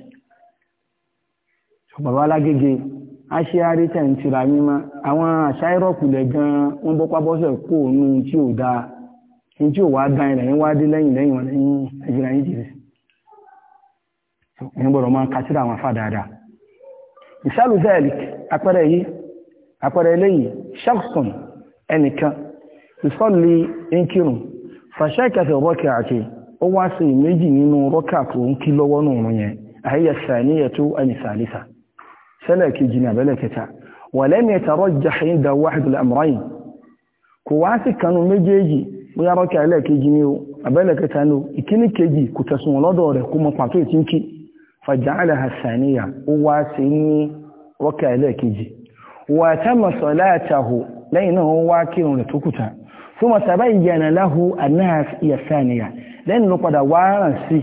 bàbá alágége aṣíárí tẹ̀ ń tira mímọ́ àwọn àṣà ìrọ̀kùlẹ̀ gan-an wọ́n bọ́ pábọ́sẹ̀ kó ònú tí ò dáa ní tí ò wá dá ilẹ̀ yín wá dé lẹ́yìn lẹ́yìn wọn lẹ́yìn ẹ̀jìnlá yín jìrì ẹ̀yìn gbọ́dọ̀ máa ka síra àwọn afá dáadáa ìṣàlù zẹ́ẹ̀lì apẹ̀rẹ̀ yìí apẹ̀rẹ̀ eléyìí ṣàkùsùn ẹnìkan ìsọ́lì ìkírun fàṣẹ́kẹsẹ̀ rọ́kẹ̀ àti ó wá sí sẹ́lẹ̀ kejì ní àbẹ́lẹ̀ kẹta walam yatarajjah inda wahidul amrayn kò wá sí kanú méjèèjì bóyá rọ́kẹ́ àbẹ́lẹ̀ kejì ní o àbẹ́lẹ̀ kẹta ní o ìkíní kejì kò tẹ̀sùn lọ́dọ̀ rẹ̀ kó mọ pàtó ìtínkì faja'alaha thaniya ó wá sí ní rọ́kẹ́ àbẹ́lẹ̀ kejì wa tamma salatahu lẹ́yìn náà wọ́n wá kírun rẹ̀ tó kùtà thumma tabayyana lahu annaha hiya thaniya lẹ́yìn ló padà wá ràn sí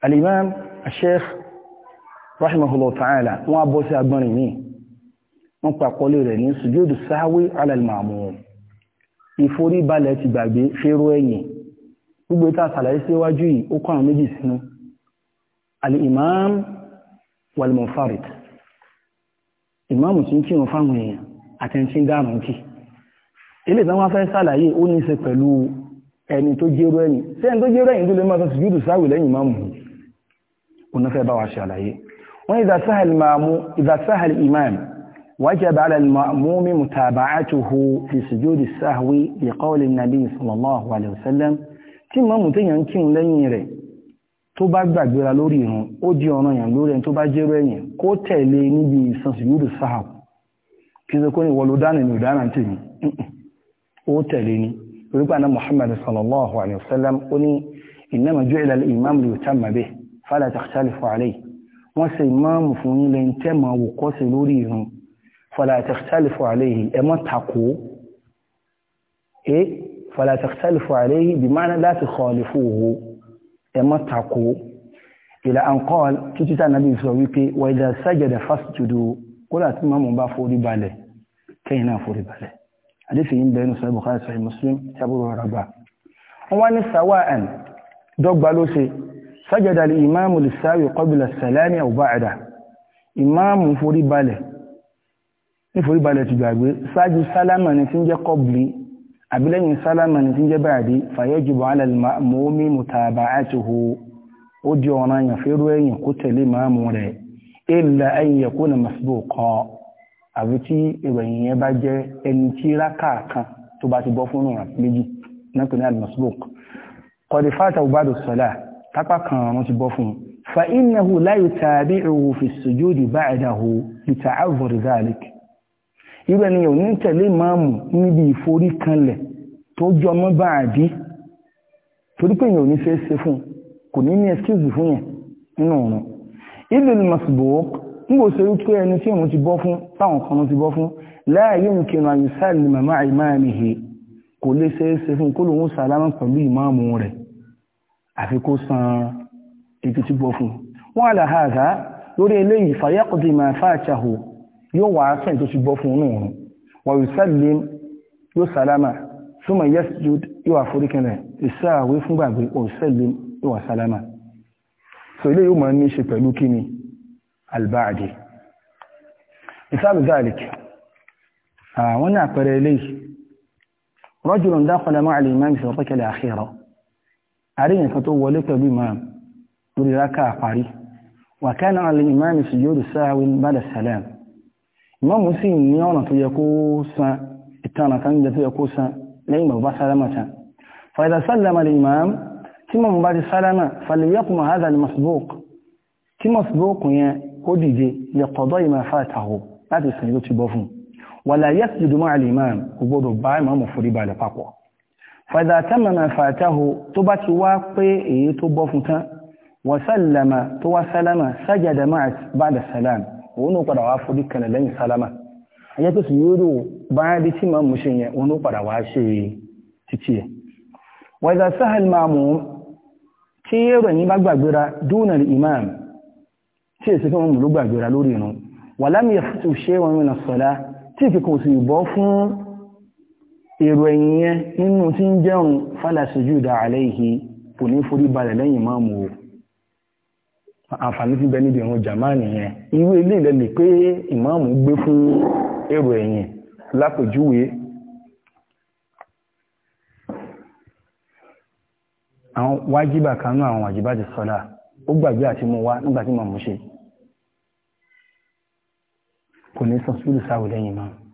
alimam asheikh rahimahullah ta'ala wọ́n abọ́ sí agbọ́nrin ní wọ́n pàkọlé rẹ̀ ní sùjúdù sáwé alàlmàmù ìforíbalẹ̀ ti gbàgbé fẹ́rọ ẹ̀yìn gbogbo tá sàlàyé síwájú yìí ó kọ́nà méjì sínú alimam walmunfarid imamu tí ń kírun fáwọn èèyàn àtẹnṣin dáàrùn kí ilé ìtàn wọn fẹ́ sàlàyé ó ní í ṣe pẹ̀lú ẹni tó jẹ́rọ ẹ̀yìn sí ẹni tó jẹ́rọ ẹ̀yìn tó lè máa sọ sùjúdù sáwé lẹ́yìn imamu yìí onífẹ́ bá wa ṣe àlàyé wọ́n idha sahal imam wajaba ala al-ma'mumi mutaba'atuhu fi sujudi sahwi li qawli an-nabi sallallahu alayhi wa sallam tí mọ́mù tí yàn kí n lẹ́yìn rẹ̀ tó bá gbàgbéra lórí ìrun ó di ọ̀nà yàn lórí ẹni tó bá jẹ́rọ ẹ̀yìn kó tẹ̀lé e níbi ìsan sujudi sahwi kí ṣe kó fala takhtalifu alayhi wọ́n ṣe ìmáàmù fún yín lẹ́yìn tẹ́ máa wò kọ́sì lórí ìrun fala takhtalifu alayhi ẹ má takò é fala takhtalifu alayhi bí máa la tukhalifuhu ẹ má takò ila an qala títí tá nàbí sọ wípé wa idha sajada fasjudu kódà tí máàmù bá forí balẹ̀ kẹ́yìn náà forí balẹ̀ àdífì yìí ń bẹ̀rẹ̀ sọ Bukhari sọ Muslim tábúrò rà bá wọ́n wá ní sawa'an dọ́gba ló ṣe sajada al-imamu lissawi qabla salami aw ba'da imamu forí balẹ̀ ní forí balẹ̀ ti gbàgbé ṣáájú sálámà ní tí ń jẹ́ qabli àbílẹ́yìn sálámà ní tí ń jẹ́ ba'di fayajibu 'ala al-ma'mumi mutaba'atuhu ó di ọ̀ràn àyàn fẹ́rú ẹ̀yìn kó tẹ̀lé máàmù rẹ̀ illa an yakuna masbuqa àbí tí ìròyìn yẹn bá jẹ́ ẹni tí kan tó bá ti bọ́ fún ọ̀ràn méjì náà pè al-masbuq qad fatahu ba'du salah tápá kan ọ̀run ti bọ́ fún un fa innahu la yutabi'uhu fi sujudi ba'dahu li ta'azzur dhalik irú ènìyàn ní tẹ̀lé máàmù níbi ìforí kanlẹ̀ tó jọ mọ́ báàdí torí pé èèyàn ò ní fẹ́ ṣe fún kò ní ní excuse fún yẹn nínú ọ̀run ìlú masbuk ń bò ṣe wípé ẹni tí òun ti bọ́ fún táwọn kan ti bọ́ fún la yumkinu an yusallima ma'a imamihi kò lè ṣe é ṣe fún kó lòun sàlámà pẹ̀lú ìmáàmù rẹ̀ àfi kó san ibi tí gbọ́ fún wọ́n aláhàzá lórí eléyìí fàyẹ́kùdì máa fàáṣàhù yóò wà sàn tó ti gbọ́ fún inú òun wà yóò sálẹ̀ yóò sálámà súnmọ̀ yẹ́sùd yóò àforíkẹlẹ̀ ìsáàwé fúngbàgbé òsẹ́lẹ̀ yóò wà sálámà so ilé yóò máa ní ṣe pẹ̀lú kíni àríyàn kan tó wọlé pẹ̀lú imam lórí rákà àparí wà kánà alẹ́ imam sujudu sáàwì bada salam imam sì ní ọ̀nà tó yẹ kó san ìtànà kan jẹ tó yẹ kó san lẹ́yìn bàbá sálámà tán fàìdà sálámà lè imam tí mọ̀ bá ti sálámà fàlẹ̀yẹ́kùnmọ̀ hádà lè masbuk tí masbuk yẹn ó dìde yẹ kọ̀dọ̀ ìmọ̀ fàtàhù láti sàn yóò ti bọ́ fún wàlàyé sì jùmọ̀ alẹ́ imam kò gbọdọ̀ bá imam forí balẹ̀ papọ̀ fàdà tẹ́mọ̀nà fàtàhù tó bá ti wá pé èyí tó bọ́ fún tán wọ́n sálàmà tó wá sálàmà sájàdà máa bá da sálàm òun ó padà wá forí kalẹ̀ lẹ́yìn sálàmà ẹjẹ́ bá rí tí sì bọ́ fún èrò ẹ̀yìn yẹn nínú tí ń jẹun fala sujuda alayhi kò ní forí balẹ̀ lẹ́yìn máàmù o àǹfààní ti bẹ níbi ìrun jàmáà nìyẹn irú ilé ilẹ̀ lè pé ìmáàmù gbé fún èrò ẹ̀yìn lápèjúwe àwọn wájíbà kanú àwọn wájíbà ti sọ́lá ó gbàgbé àti mú wá nígbà tí màmú ṣe kò ní sọ súlù sáwò lẹ́yìn máàmù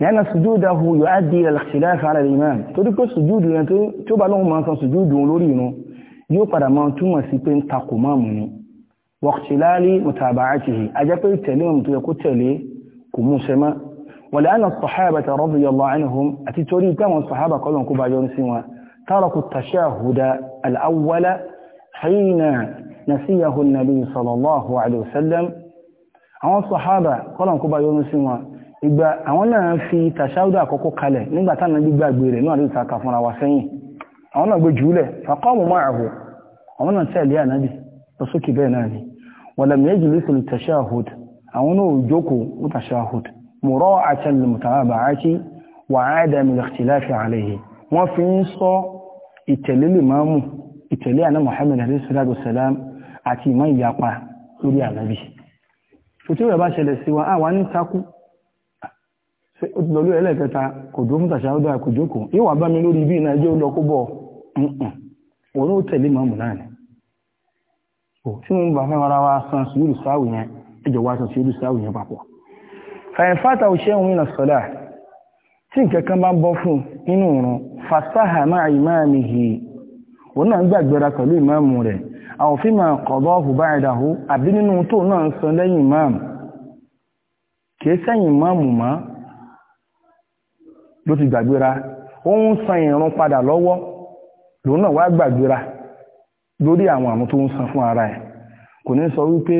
لأن سجوده يؤدي إلى الاختلاف على الإمام تقول سجود يعني تبقى لهم ما سجود ولورينه yóò padà máa túmọ̀ sí pé ń takò máàmù ni wọ́kṣìláàlì mùtàbàákìhì ajẹ́ pé tẹ̀lé mọ̀mù tó yẹ kó tẹ̀lé kò mú ṣe má wàlẹ̀ àna sọ̀háàbà tà rọ́bì yọ lọ́ánihùn àti torí pé àwọn sọ̀háàbà kọlọ̀ kó bá yọ sí wọn tára kò tàṣà hùdà al'awwala hayina nasiyahu nabi sallallahu alaihi wasallam àwọn sọ̀háàbà kọlọ̀ kó bá yọ sí wọn ìgbà àwọn náà fi tàṣáúdà àkọ́kọ́ kalẹ̀ nígbà táwọn gbígbàgbé rẹ̀ náà ló ta kà fúnra wa sẹ́yìn àwọn náà gbé jùúlẹ̀ faqamu ma'ahu àwọn náà tẹ̀lé ànábì lọ sókè bẹ́ẹ̀ náà ni walam yajlisu li tashahud àwọn náà jókòó ó tashahud mura'atan lil mutaba'ati wa 'adami al-ikhtilafi 'alayhi wọ́n fi ń sọ ìtẹ̀lé limamu ìtẹ̀lé àná Muhammad alayhi otu ó ti lọ lórí ẹlẹ́ẹ̀kẹta kò dúró fún tàṣà ọdọ àkójókòó ìwà bá mi lórí ibi ìnà ẹjọ́ lọ òun ó tẹ̀lé màmù náà ni tí wọ́n bá fẹ́ ara wa san sùúrù sáwù yẹn san sùúrù sáwù yẹn papọ̀ fàyẹ̀fàtà kan bá bọ́ fún nínú òrùn fasaha máa ìmáàmì hì ló ti gbàgbéra ó ń san ìrun padà lọ́wọ́ lòun náà wá gbàgbéra lórí àwọn àrùn tó ń san fún ara ẹ̀ kò ní sọ wípé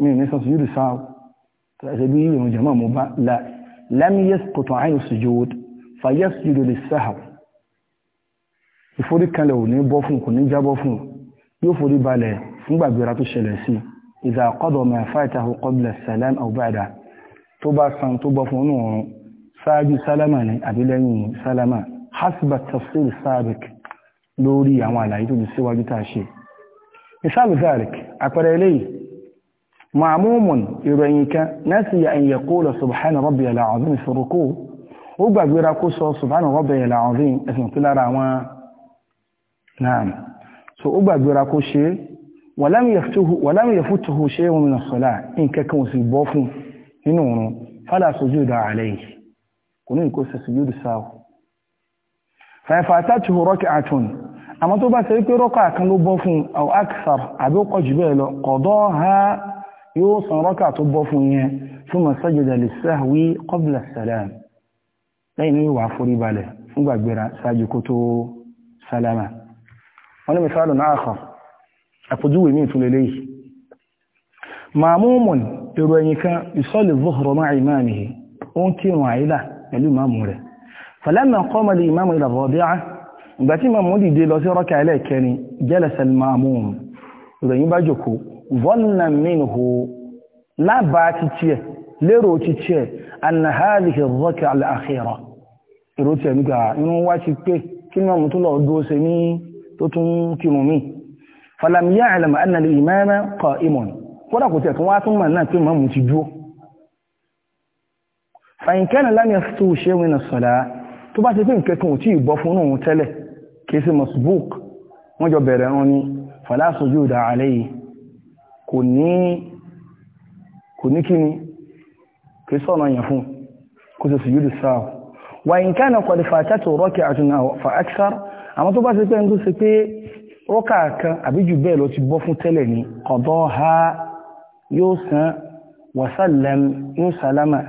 mi ò ní sọ sùjúdù sáà ṣe bí ìrun jẹ̀mọ́ mo bá la lam yasqutu ayn sujud fa yasjudu lis-sahw ìforíkanlẹ̀ ò ní bọ́ fún kò ní jábọ́ fún yóò forí balẹ̀ fún gbàgbéra tó ṣẹlẹ̀ sí idha qada ma fatahu qabla as-salam aw tó bá san tó bọ́ fún ọ̀nà ṣáájú sálámà ní àbílẹ́yìn sálámà hasba tafsir sabik lórí àwọn àlàyé tó ti síwájú tá a ṣe misalu zalik àpẹẹrẹ eléyìí ma'amumun ìròyìn kan nasiya an yaqula subhana rabbiyal azim fi ruku' ó gbàgbéra kó sọ subhana rabbiyal azim ẹ̀sìn tó lára àwọn náà so ó gbàgbéra kó ṣe walam yafutuhu shay'un min as-salah nǹkan kan ò sì bọ́ fún nínú òun fala sujuda alayhi kò ní ìkó sẹ̀sù yóò dì sáà fàìfà àtàtì rọ́kì àtún àmọ́ tó bá ṣe pé rọ́kà kan ló bọ́ fún àwọn akisar àbí ó kọjú bẹ́ẹ̀ lọ kọ̀dọ́ ha yóò san rọ́kà tó bọ́ fún yẹn fún masajida lè sáàwí kọ́bìlà sàlám lẹ́yìn ní wàá forí balẹ̀ fún gbàgbéra màmúmùn èrò ẹ̀yìn kan ìsọ́lẹ̀ zuhùrọ̀ máa ìmáàmì ó ń kírun àìlà pẹ̀lú ìmáàmù rẹ̀ falamma qama al-imamu ila ar-rabi'ah ìgbà tí ìmáàmù dìde lọ sí rọ́kà ẹlẹ́ẹ̀kẹrin jalasa al-ma'mum ìròyìn bá jòkó dhanna minhu lábàá títí ẹ̀ lérò títí ẹ̀ anna hadhihi ar-rak'a al-akhirah èrò tí ẹ̀mí gbà inú wá ti pé kí ní ọmọ tó lọ dúó ṣe ní tó tún kírun mí falam ya'lam anna al-imama qa'imun kódà kò tẹ̀ tún wá tún mọ̀ náà pé mọ̀mù ti dúó fàyínkẹ́nà lámìí tó ṣe wínà sọ̀dá tó bá ti pín kẹkùn ò tí ìbọ́ fún òun tẹ́lẹ̀ kìí sí masbuk wọ́n jọ bẹ̀rẹ̀ wọn ni fala sujuda alayhi kò ní kíni kìí sọ̀nà yẹn fún kò sì sujudu sáà wàyínkẹ́nà qad fatatu rak'atun aw fa akthar àmọ́ tó bá ti pẹ́ tó ṣe pé rọ́kà kan ni qadaha yóò san wa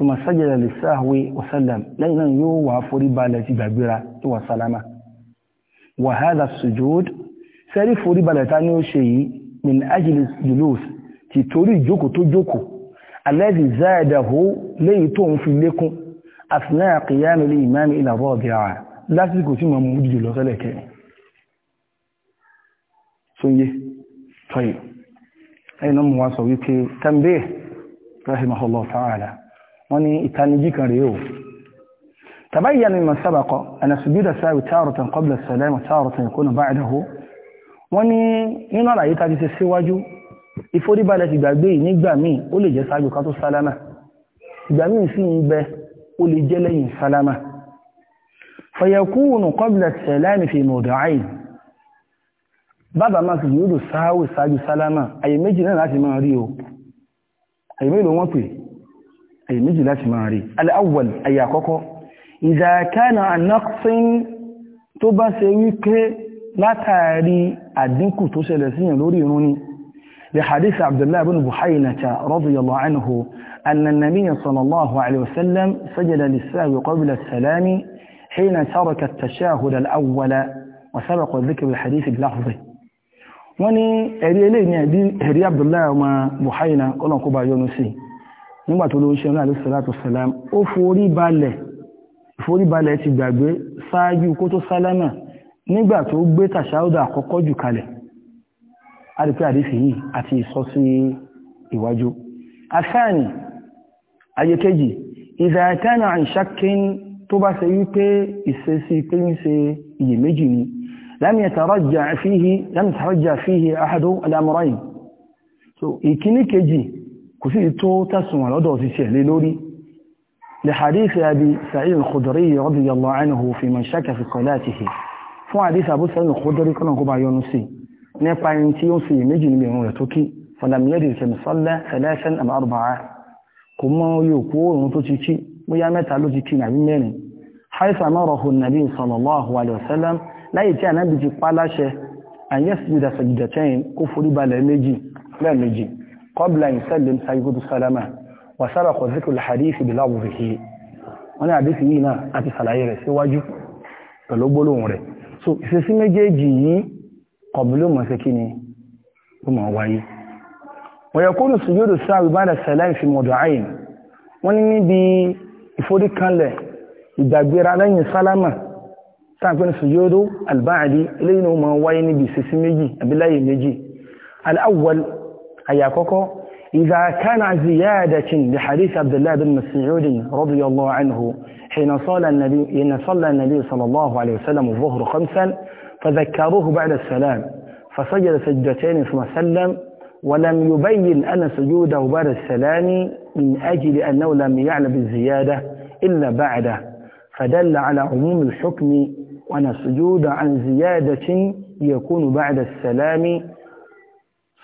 ثم سجد للسهو وسلم لين يو فريبا التي تو وسلم وهذا السجود سري فوري لتاني شيء من أجل الجلوس تتوري جوكو تجوكو الذي زاده ليتون في لكم أثناء قيام الإمام إلى الرابعة لا تذكر ثم مجد لغلك سنجي طيب أين أمه واسويك تنبيه رحمه الله تعالى wọ́n ní ìtanijí kan rèé o tabayyan mimman sabaqa ana sujuda sawi taratan qabla as-salam wa taratan yakunu ba'dahu wọ́n ní nínú àlàyé tàbí ṣe síwájú ìforíbalẹ̀ ti gbàgbé nígbà míì ó lè jẹ́ sáájú ká tó sálámà ìgbà míì sì ń bẹ ó lè jẹ́ lẹ́yìn sálámà fayakunu qabla as-salam fi mawdi'ayn bàbá máa sujudu sawi sáájú sálámà àyè méjì náà láti máa rí o àyè méjì wọ́n pè é èyí méjì láti máa rí aláwọ̀l àyà àkọ́kọ́ ìzàkánà anáfin tó bá ṣe wípé látàrí àdínkù tó ṣẹlẹ̀ síyàn lórí irun ni lè hadith abdullahi bin buhainata radiyallahu anhu anna nabiyya sallallahu alaihi wasallam sajada lissawi qabla salami hina taraka at-tashahhud al-awwal wa sabaqa dhikr al-hadith bi lafzihi ẹ̀rí eléyìí ẹ̀rí abdullahi ọmọ buhaina kọlọ̀kọ́ bá yọnu sí nígbà tó lóun ṣẹun alayhi salatu wassalam ó forí balẹ̀ forí balẹ̀ ti gbàgbé ṣáájú kó tó sálámà nígbà tó gbé tàṣáúdà àkọ́kọ́ jù kalẹ̀ àdìpé àdìsí yìí àti ìsọsí ìwájú afẹ́ni ayékejì ìzàkánà àìṣákín tó bá ṣe wípé ìṣesí pé ń ṣe iyèméjì ni lam yatarajja fihi lam yatarajja kò sí tó tẹ̀sùn lọ́dọ̀ òṣìṣẹ́ lé lórí lè hadith abi sa'id al-khudri radiyallahu anhu fi man shaka fi salatihi fún hadith abu sa'id al-khudri kọ́nà kó bá yọnu sí nípa ẹni tí ó sì méjì níbi ìrun rẹ̀ tó kí fọlàmìyàdì ìṣẹ̀mùsọ́lá ẹlẹ́ṣẹ́n àmàrùbáà kò mọ́ yóò kó òun tó ti kí bóyá mẹ́ta ló ti kí nàbí forí balẹ̀ méjì lẹ́ẹ̀mejì قبل أن يسلم سيجد السلامة وسبق ذكر الحديث بلفظه wọ́n àdísì yìí náà àti sàlàyé rẹ̀ síwájú pẹ̀lú gbólóhùn rẹ̀ so ìṣesí méjèèjì yìí kọ̀bùlù mọ̀ sí kí ni ó mọ̀ wáyé wọ́n yẹ kúrò sí yóò sáà ìbára sàlàyé fi mọ̀dọ̀ àyìn wọ́n ní níbi ìforíkanlẹ̀ ìdàgbéra lẹ́yìn sálámà sáàpẹ́ sí yóò albáàdì eléyìí ni ó mọ̀ wáyé níbi ìṣesí méjì àbíláyè méjì al-awwal أي كوكو إذا كان زيادة لحديث عبد الله بن مسعود رضي الله عنه حين صلى النبي حين صلى النبي صلى الله عليه وسلم الظهر خمسا فذكروه بعد السلام فسجد سجدتين ثم سلم ولم يبين أن سجوده بعد السلام من أجل أنه لم يعلم الزيادة إلا بعده فدل على عموم الحكم وأن السجود عن زيادة يكون بعد السلام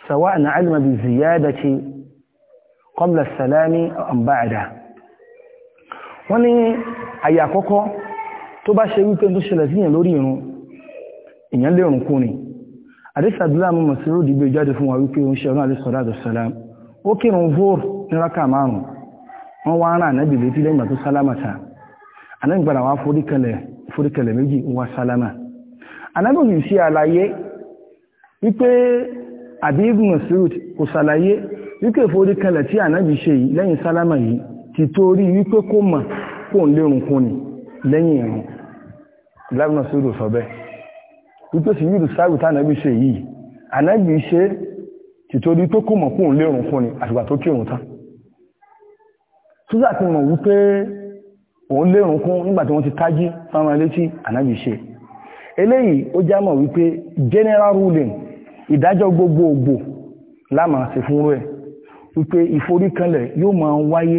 سواء علم بالزيادة قبل السلام أم بعده wọ́n ní àyà àkọ́kọ́ tó bá ṣe wípé tó ṣẹlẹ̀ síyàn lórí irun èyàn lè rùn kún ni àdísàdúlà mú mọ̀sílò dìgbé jáde fún wa wípé oúnṣẹ́ ọ̀nà àdísọ̀rọ̀ àdọ̀sọ̀lám ó kírun vóòr ní rákà márùn wọ́n wá rán ànábì létí lẹ́yìn àtó sálámàtà ànábì gbàdà wá foríkẹlẹ̀ méjì wá sálámà ànábì sì ṣe àlàyé wípé àbí ibn Mas'ud kò sàlàyé wípé ìforí kalẹ̀ tí ànábì ṣe yìí lẹ́yìn sálámà yìí ti torí wípé kó mà kó ń lérun kún ni lẹ́yìn ìrun ibn Mas'ud sọ bẹ́ẹ̀ wípé sì yìí sáàrù tí ànábì ṣe yìí ànábì ṣe ti torí pé kó mà kó ń lérun kún ni àtìgbà tó kírun tán sójà ti mọ̀ wípé òun lérun kún nígbà tí wọ́n ti tají fáwọn létí ànábì ṣe eléyìí ó já wípé general ruling ìdájọ́ gbogbogbò láàmà sí fúnrú ẹ̀ wípé ìforíkanlẹ̀ yóò máa wáyé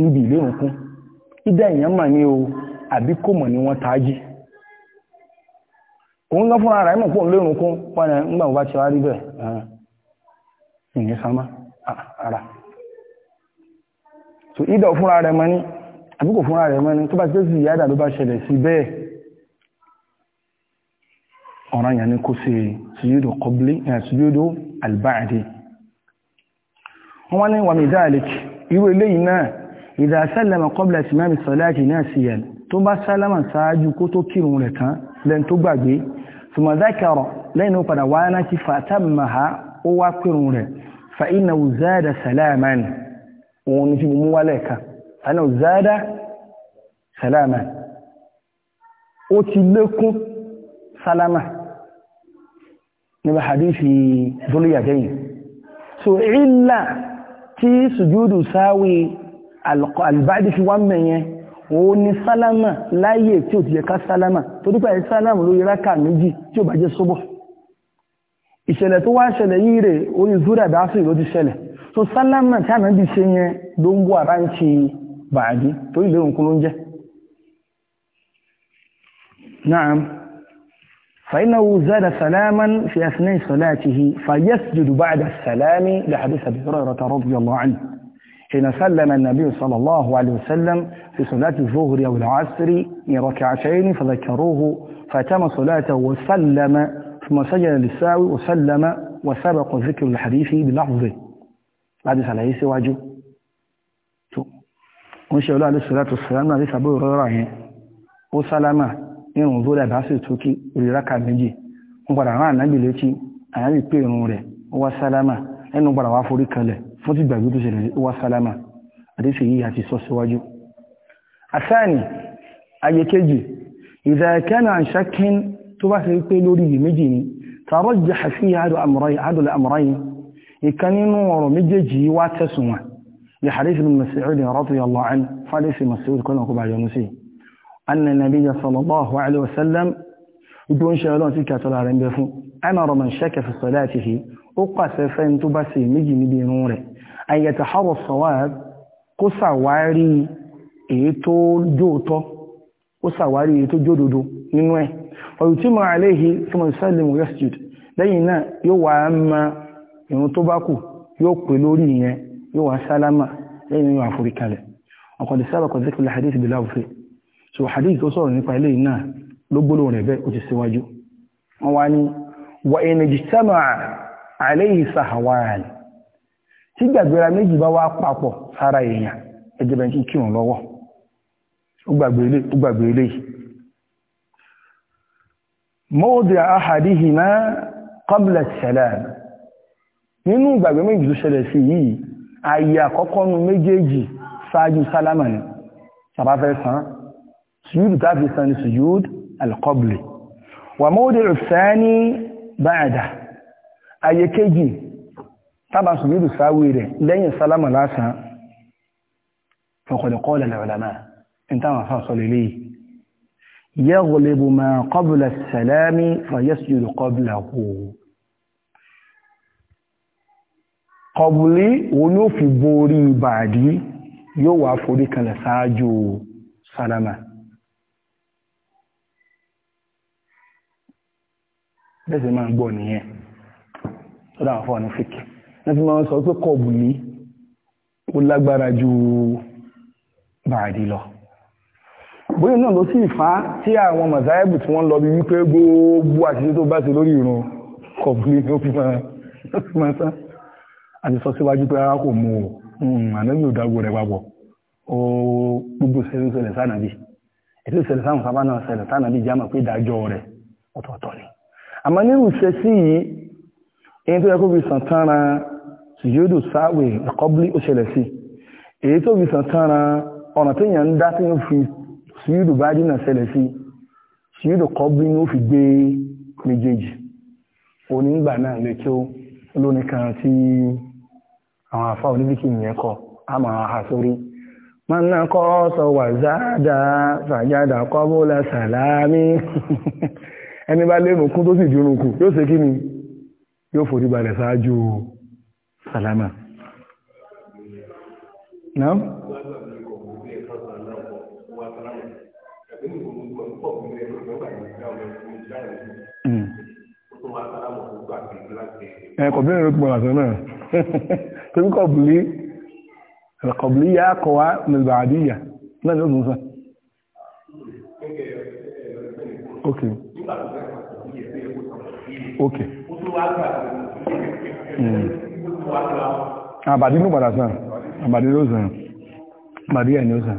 níbi ìlérùnkún ìdá èèyàn mà ní o àbí kò mọ̀ ní wọ́n tají òun lọ fúnra rẹ̀ mọ̀ pọ̀ wọn ẹ̀ ńgbà wọ́n bá ti wá rí bẹ́ẹ̀ ìyẹn ara ìdá fúnra rẹ̀ mọ́ ní àbí fúnra rẹ̀ mọ́ ní tó bá ti tẹ́sí ìyá ọ̀ràn yẹn ni kó ṣe sùjúdù qabli sùjúdù albáàdì wọ́n ní wàmí dáàlìkì irú eléyìí náà idha sallama qabla ìtìmáàmì salati nasiyan tó bá sálàmà sáájú kó tó kírun rẹ̀ tán lẹ́n tó gbàgbé thumma dhakara lẹ́yìn padà wá náà ti fatammaha ó wá lékún sálámà níbi hadithi dúlúyàjẹ́yìn so ìlà tí sùjúdù sáwì albáàdì fi wọ́n mẹ́yẹn ó ní sálámà láyé tí ó ti yẹ ká sálámà tó dípà ẹ̀ sálámà lórí rákà méjì tí ó bá jẹ́ sóbọ̀ ìṣẹ̀lẹ̀ tó wá ṣẹlẹ̀ yìí rẹ̀ orí zúrà dáfì ló ti ṣẹlẹ̀ so sálámà tí àná bí ṣe yẹn ló ń bú ara ń ṣe bàádì torí lérò nǹkan ló ń jẹ́ naam فإنه زاد سلاما في أثناء صلاته فيسجد بعد السلام لحديث أبي هريرة رضي الله عنه حين سلم النبي صلى الله عليه وسلم في صلاة الظهر أو العصر من ركعتين فذكروه فتم صلاته وسلم ثم سجد للساوي وسلم وسبق ذكر الحديث بلحظه بعد سلاهي سواجه وإن الله عليه الصلاة والسلام حديث أبي هريرة يعني. وسلامه irun zóra ìbáṣe tókí òrìráka méjì ń padà rán ànábì létí ànábì pé irun rẹ̀ ó wá sálámà ẹnu padà wá forí kalẹ̀ fún ti gbàgbé tó ṣẹlẹ̀ ó wá sálámà àdéṣe yìí àti sọ síwájú. àsáàní ayé kejì ìdáyẹkẹ́nà àṣákín tó bá ṣe pé lórí yìí méjì ni tààrọ̀ jẹ́ àfi àdùlẹ̀ àmọ́ráyìn ìkan nínú ọ̀rọ̀ méjèèjì yìí wá tẹ̀sùn wọn lè أن النبي صلى الله عليه وسلم يدون شغلون تلك تلار بفو أمر من شك في صلاته أقص فإن تبسي مجي بنوره أن يتحرى الصواب قصى واري إيتو جوتو قصى واري إيتو جودودو ننوه ويتم عليه ثم يسلم ويسجد لينا يوى أما ينطبقوا يوقي لوري يوى سلامة لينا يوى فريكالي وقد سبق ذكر الحديث بلا وفيه so hadith tó sọ̀rọ̀ nípa ilé náà ló gbóló rẹ̀ bẹ́ ó ti síwájú wọ́n wá ní wà in ijtama'a alayhi sahawan tí gbàgbéra méjì bá wá papọ̀ sára èèyàn ẹjẹ́bẹ̀ kí kírun lọ́wọ́ ó gbàgbé nínú sàn sùjúdù tàbí san ni sùjúd alkọ́bùlì wà mọ́wọ́dé ìfẹ́ni báyàdà ayé kéjì tàbà sùjúdù sáwé rẹ̀ lẹ́yìn sálámà lásán fọ̀kọ̀dẹ̀kọ́ lẹ́lẹ̀ ọ̀làmà in táwọn afá sọ lélẹ̀ yẹ́gùlẹ̀bù ma kọ́bùlà sàlámì fàyẹ́sùjúdù kọ́bùlà kò kọ̀bùlé òun yóò fi borí ìbàdí yóò wà forí kalẹ̀ sáájú sálámà lẹ́sẹ̀ máa ń gbọ́ nìyẹn tó dáwọn fọ́ ní fíkì láti máa sọ pé kọ̀bù ní ó lágbára ju bàádì lọ bóyá náà ló sì fà á tí àwọn mọ̀sáyẹ́bù tí wọ́n lọ bí wípé gbogbo àṣírí tó bá ṣe lórí ìrun kọ̀bù ní ó fi máa tán àti sọ síwájú pé ara kò mú o hmm, ànábì ò dágbò rẹ̀ papọ̀ ó gbogbo ṣẹlẹ̀ ṣẹlẹ̀ sánàbì ètò ìṣẹlẹ̀ sáwọn sábà náà ṣẹlẹ̀ jámà pé ìdájọ́ rẹ̀ ọ̀tọ̀ọ̀tọ̀ ni àmọ́ nínú iṣẹ́ sí yìí èyí tó yẹ kó fi sàn tánra sùjúdù sáwè ìkọ́blí ó ṣẹlẹ̀ sí èyí tó fi sàn tánra ọ̀nà tí èèyàn ń dá tí ó fi sùjúdù bá dínà ṣẹlẹ̀ sí sùjúdù kọ́blí ni ó fi gbé méjèèjì onígbà náà lè kí ó lóní kan tí àwọn àfá oníbíkì ìyẹn kọ a máa ha sórí máa kọ́ sọ wà záàdá fàjádà kọ́bólà sàlámí ẹni bá lérùn kún tó sì dúró kù yóò ṣe kí ni yóò forí balẹ̀ ṣáájú sàlámà hmm. náà ẹ̀kọ̀bìnrin ló gbọ́nà tó náà tó ń kọ̀bùlí ẹ̀kọ̀bùlí yá kọ̀wá mẹ́lbà àdíyà náà ni ó dùn sàn. okay òkè. Hmm. àbàdí ló padà sàn àbàdí ló sàn àbàdí ẹ̀yìn ló sàn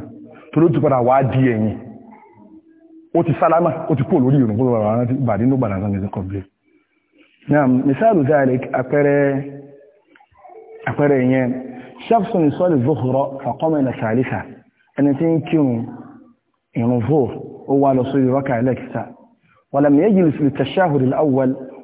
tó ló ti padà wá di ẹ̀yìn ó ti sálámà ó ti kú lórí ìrùn kó lọ́wọ́ àwọn ìbàdí ló padà sàn lẹ́sẹ̀ kọ̀ọ̀bí. náà mísáàlù dáàrẹ̀ àpẹẹrẹ àpẹẹrẹ ìyẹn ṣáfsùn ìsọ́lì zuhra fàkọ́mọ̀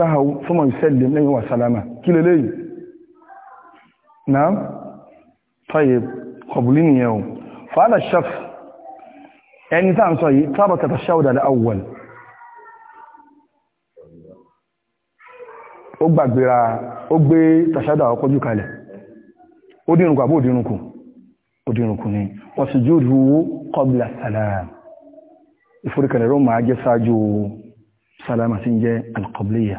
sáhàwó fọ́mọ̀ ìṣẹ́lẹ̀ lẹ́yìn wà sálámà kí lè léyìn náà tọ́yẹ kọ̀bùlí nìyẹn o fàádà ṣaf ẹni tàà ń sọ yìí tábà kàtà ṣáwùdà lè awwal ó gbàgbéra ó gbé tàṣádà ọkọ̀jú kalẹ̀ ó dínrùnkù àbó òdínrùnkù rọ́ máa jẹ́ sáájú sàlámà sí jẹ́ alkọ̀bílìyà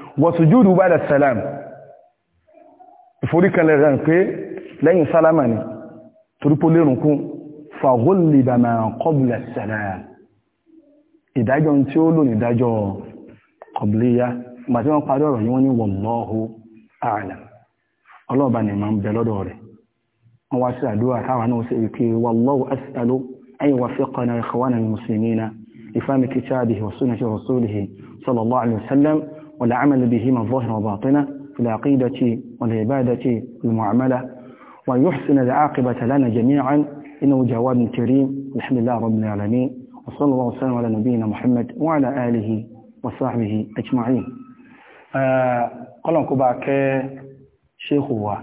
wọ̀sùjúdù bá dàtàlám ìforíkalẹ̀ rẹ̀ pé lẹ́yìn sálámà ni torípò lérùnkún fàgólìdàmà kọbùlẹ̀ sàlám ìdájọ́ tí ó lò nídájọ́ kọbùlíyá màtí wọ́n parí ọ̀rọ̀ yíwọ́n ní wallahu a'lam ọlọ́ọ̀bá ni ma ń bẹ lọ́dọ̀ rẹ̀ wọ́n wá sí àdúrà táwọn náà sí ìpé wallahu as'alu an yuwaffiqana ikhwana al والعمل بهما الظاهر وباطنة في العقيدة والعبادة والمعاملة وأن يحسن العاقبة لنا جميعا إنه جواد كريم الحمد لله رب العالمين وصلى الله وسلم على نبينا محمد وعلى آله وصحبه أجمعين kọ́lọ̀kú bá kẹ́ ṣéhù wa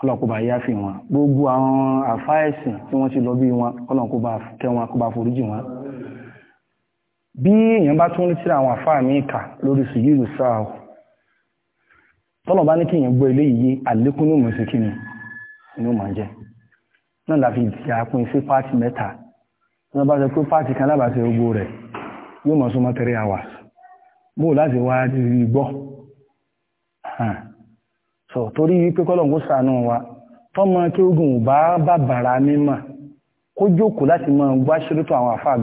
kọ́lọ̀kú bá yá fi wọn gbogbo àwọn àfáẹ̀sìn tí wọ́n ti lọ bí wọn kọ́lọ̀kú bí èèyàn bá tún tírà àwọn àfáà mi kà lórí sùjúdù sáà tọ́lọ̀ bá ní kí èèyàn gbọ́ ilé yìí àlékún ní òmùsùn kí ni ni ó máa jẹ́ náà láfi ìdí àpín sí pàtì mẹ́ta wọ́n bá sọ pé pàtì kan lábàáṣe gbogbo rẹ̀ yóò mọ̀ súnmọ́ three hours bó láti wá rí gbọ́ so torí wípé kọ́lọ̀kú sànú wa tọ́mọ kí ogun ò bá bàbàrà mímọ̀ kó jókòó láti mọ gbáṣírótò àwọn àfáà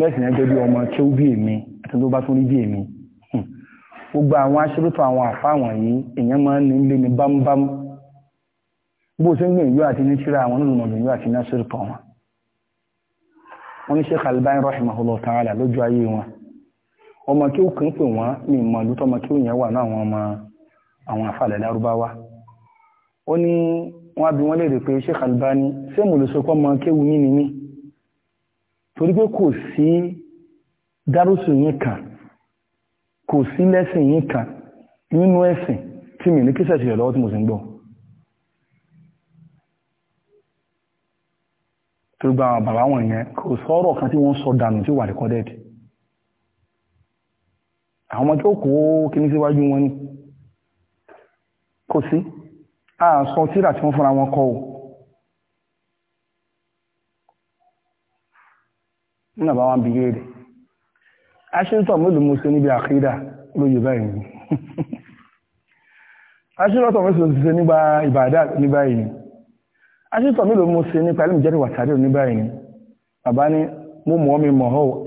lẹ́sìn ẹgbẹ́ bí ọmọ tí ó bí èmi àti tó bá tún rí bí èmi hmm. gbogbo àwọn aṣírótò àwọn àfáwọn yìí èèyàn máa ń ní lé ní bámbám bó ṣe ń gbìyànjú àti ní tíra àwọn olùmọ̀gbìyànjú àti ní aṣírótò wọn wọn ní Sheikh Albani ta'ala lójú ayé wọn ọmọ kí ó kàn pè wọn ní tọmọ ó yẹn wà náà wọn bí wọn pé lè sọ pé ọmọ ni torí pé kò sí dárúsù yín kan kò sí lẹ́sìn yín kan nínú ẹ̀sìn tí mi ní kí sẹ̀sì rẹ̀ lọ́wọ́ tí mo sì ń gbọ́ torí gba àwọn bàbá wọn yẹn kò sọ̀rọ̀ kan tí wọ́n sọ dànù tí wà rẹ̀kọ́dẹ̀dì àwọn ọmọ tó kó kíní síwájú wọn ni kò sí àà sọ tíra tí wọ́n fúnra wọn kọ́ o nínú àbá wọn bí léèrè aṣíntọ̀ mélòó mo ṣe níbi àkídà lóye báyìí aṣíntọ̀ mélòó mo ṣe nígbà ìbàdà ní báyìí aṣíntọ̀ mélòó mo ṣe nípa ẹlẹ́mì jẹ́rìí wàtàrí ní báyìí bàbá ní mo mọ̀ mi mọ̀ ọ́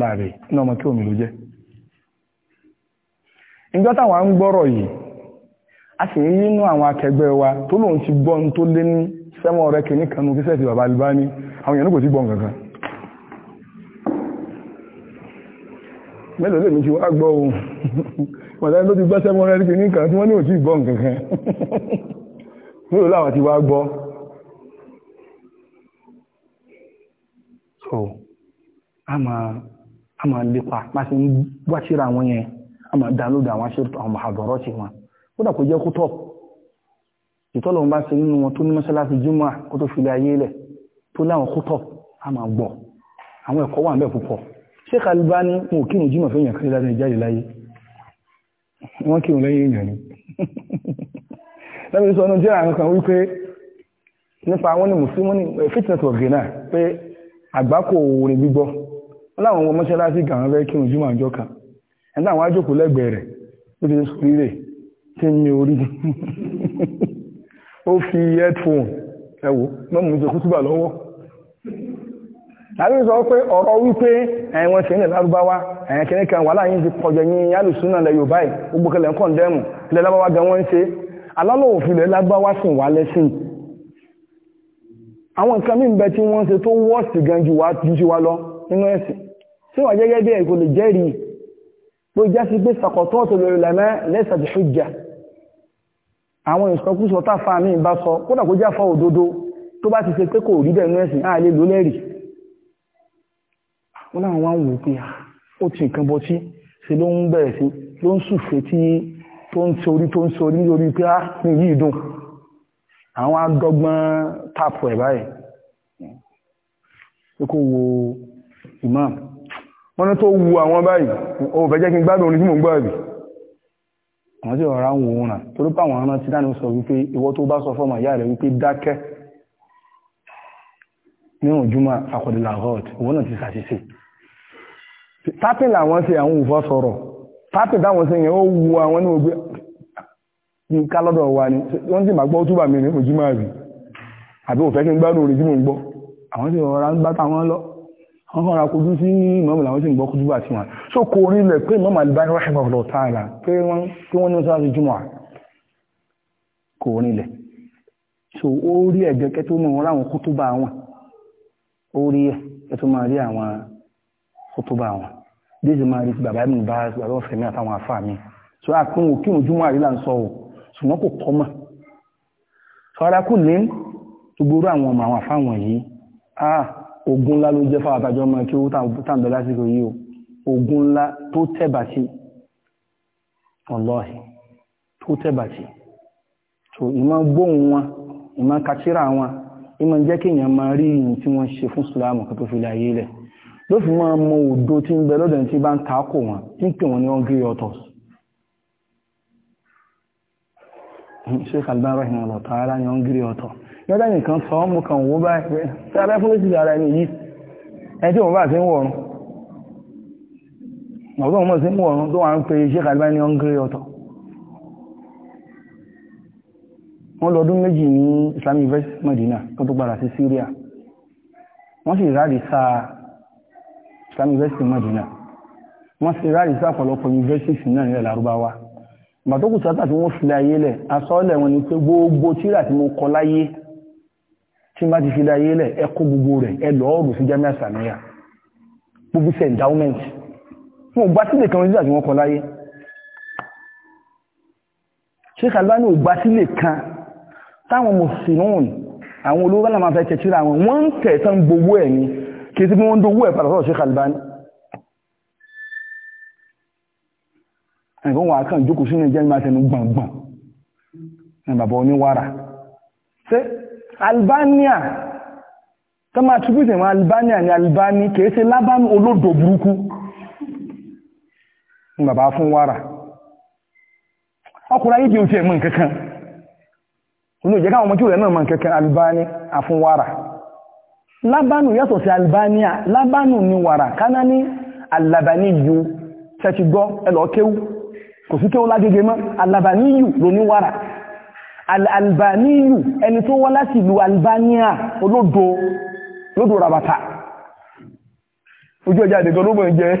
láàrẹ̀ ní ọmọ kí omi ló jẹ́ ìjọ táwọn ń gbọ́rọ̀ yìí a sì ń yínú àwọn akẹgbẹ́ wa tó lóun ti gbọ́n tó lé ní kìíní fíṣẹ́ ti bàbá àwọn èèyàn ní kò ti mẹ́lẹ̀ lèmi ti wá gbọ́ ohun mọ̀tá ló ti gbọ́ sẹ́mọ́ rẹ̀ nípe nìkan tí wọ́n ní òtí ìbọ́ nǹkankan mẹ́lẹ̀ láwọn ti wá gbọ́ so a máa lépa pàṣẹ ń wá síra àwọn yẹn a máa download àwọn aṣèrò àwọn àbọ̀rọ̀ ti wọn ó dà kó jẹ́ kó tọ̀ ìtọ́lọ̀ ń bá ṣe nínú wọn tó ní mọ́sálásí jùmọ̀ kó tó fi lé ayé lẹ̀ tó láwọn kó tọ̀ a máa gbọ́ àwọn ẹ̀kọ́ wà ń bẹ̀ Sheikh Albani wọn ò kírun jímọ̀ fẹ́yàn kan láti jáde láyé wọ́n kírun lẹ́yìn èèyàn ni lẹ́bí sọ ọ́nà jẹ́ àwọn kan wípé nípa àwọn eh, ní mùsùlùmí ní fitness of ghana pé àgbákò orin gbígbọ́ láwọn ọmọ mọ́ṣáláṣí gàwọn fẹ́ kírun jímọ̀ àjọ kan ẹ̀dá àwọn ajókòó lẹ́gbẹ̀ẹ́ rẹ̀ ó ti sọ rírè tí mi tàbí sọ pé ọ̀rọ̀ wípé ẹ̀wọ̀n ṣe nílẹ̀ lárúbáwá ẹ̀yẹn kìíní kan wà láyé ti pọ̀jọ yín yálùsúnà lẹ yorùbá ẹ̀ gbogbo kẹlẹ̀ ń kọ̀ndẹ́mù ilẹ̀ lábáwá gan wọ́n ń ṣe alálòòfilẹ̀ lábáwá sì wà lẹ́sìn àwọn nǹkan mí bẹ tí wọ́n ṣe tó wọ́ọ̀sì gan ju wa ju wa lọ nínú ẹ̀sìn tí wọ́n jẹ́gẹ́ bí ẹ̀kọ́ lè jẹ́rìí pé wọ́n náà wá ń wò pé ah, ó ti nǹkan bọ́ sí ṣe ló ń bẹ̀rẹ̀ sí ló ń sùfẹ́ tí tó ń sorí tó ń sorí lórí pé á ah, ní yìí dùn àwọn adọ́gbọ́n tàpù ẹ̀ báyìí pé kó wo imam wọ́n tó wu àwọn báyìí ó fẹ́ jẹ́ kí n gbádùn orin tí mò ń gbàgbé àwọn tí ọ̀rá ń wo òun náà ọmọ ti dáni sọ wípé ìwọ tó bá sọ fọ́mọ ìyá rẹ̀ wípé dákẹ́ ní òjúmọ́ àkọ̀dìlà god owó náà ti ṣàṣìṣe tápì làwọn ṣe àwọn òfò sọ̀rọ̀ tápì táwọn ṣe yẹn ó wu àwọn ní ogbe ní ká lọ́dọ̀ wa ni wọ́n sì máa gbọ́ túbà mi ní òjúmọ́ àbí àbí òfẹ́ kí n gbádùn orí tí mò ń gbọ́ àwọn sì rọra ń bá táwọn lọ wọ́n kọ́ra kojú sí ìmọ̀mù làwọn sì ń gbọ́ kútúbà tí wọn so kò rí lẹ̀ pé ìmọ̀mù àdìbáyé rọ́ṣẹ̀fà ọ̀lọ́ tààlà pé wọ́n pé wọ́n ní sọ́ra sí jùmọ̀ kò rí lẹ̀ so ó rí ẹ̀gẹ́kẹ́ tó mọ̀ wọn láwọn kútúbà wọn ó rí ẹ tó máa rí àwọn kótóbà wọn bí èsì máa rí ti bàbá mi bá bàbá ọ̀fẹ́ mi àtàwọn àfáà mi so àpín òkè òjúmọ́ àrílà ń sọ ò ṣùgbọ́n kò kọ́ mọ̀ sọ́ra kù lé gbogbo àwọn ọmọ àwọn àfáà wọ̀nyí ah ogun ńlá ló jẹ́ fáwọn àbájọ́ ọmọ kí ó tàǹdọ̀ lásìkò yìí o ogun ńlá tó tẹ̀bà sí ọlọ́ọ̀hìn tó tẹ̀bà sí so ìmọ̀ gbóhùn wọn ìmọ̀ kàtírà wọn ìmọ̀ jẹ́ kí èèyàn máa rí ìyìn tí wọ́n ṣe fún ìsìlámù kan tó fi lè ayé lẹ̀ ló fi máa mọ òdo tí ń bẹ lọ́dọ̀ tí bá ń ta kò wọ́n tí ń pè wọ́n ní hungry authors sheikh alban rahim ọlọ́tọ̀ ara ní hungry author yọ́dá nìkan sọ ọmọ kan wọ́n bá ẹgbẹ́ tí ara fún lóṣìṣẹ́ ara ẹni yìí ẹni tí wọ́n bá fi ń wọ̀run ọ̀gbọ́n mọ̀ sí ń wọ̀run tó wà ń pe sheikh alban ní hungry author wọ́n lọ́dún méjì ní Islam University Medina tó tó padà sí Syria wọ́n sì ráàrí sa Islam University Medina wọ́n sì ráàrí sa ọ̀pọ̀lọpọ̀ university náà nílẹ̀ Lárúbáwá bàtókù sátà tí wọ́n filẹ̀ ayé lẹ̀ asọ́ọ̀lẹ̀ wọn ni pé gbogbo tíra tí mo kọ láyé tí n bá ti filẹ̀ ayé lẹ̀ ẹ kó gbogbo rẹ̀ ẹ lọ́ọ̀rù sí Jamiu Islamiyya gbogbo sí endowment fún ògbà sílẹ̀ kan nígbà tí wọ́n kọ láyé Sheikh Albani ògbà sílẹ̀ kan táwọn mùsùlùmí àwọn olówó náà máa fẹ́ tẹ̀síra wọn wọ́n ń tẹ̀sán gbowó ẹ̀ ni kì í sí pé wọ́n ń dowó ẹ̀ padà sọ́rọ̀ Sheikh Albania tó máa tribute ìwọ̀n Albania ni Albani kìí ṣe lábánú olódò burúkú ní bàbá fún wàrà ọkùnrin ayé di oṣù ẹ̀mọ́ nǹkankan inú ìjẹ́ká ọmọ jù rẹ̀ náà mọ̀ kẹ́kẹ́ albani àfúnwàrà lábánù yàtọ̀ sí albania lábánù ni wàrà káná ní alabani yu? tẹ́tí gbọ́ ẹlọ́kéwú kò sí kéwú lágége mọ́ alabani yù ló ní wàrà albani yù ẹni tó wá láti ìlú albania olódo lódò rabata ojú ọjà àdìgọ́ ló mọ̀ jẹ́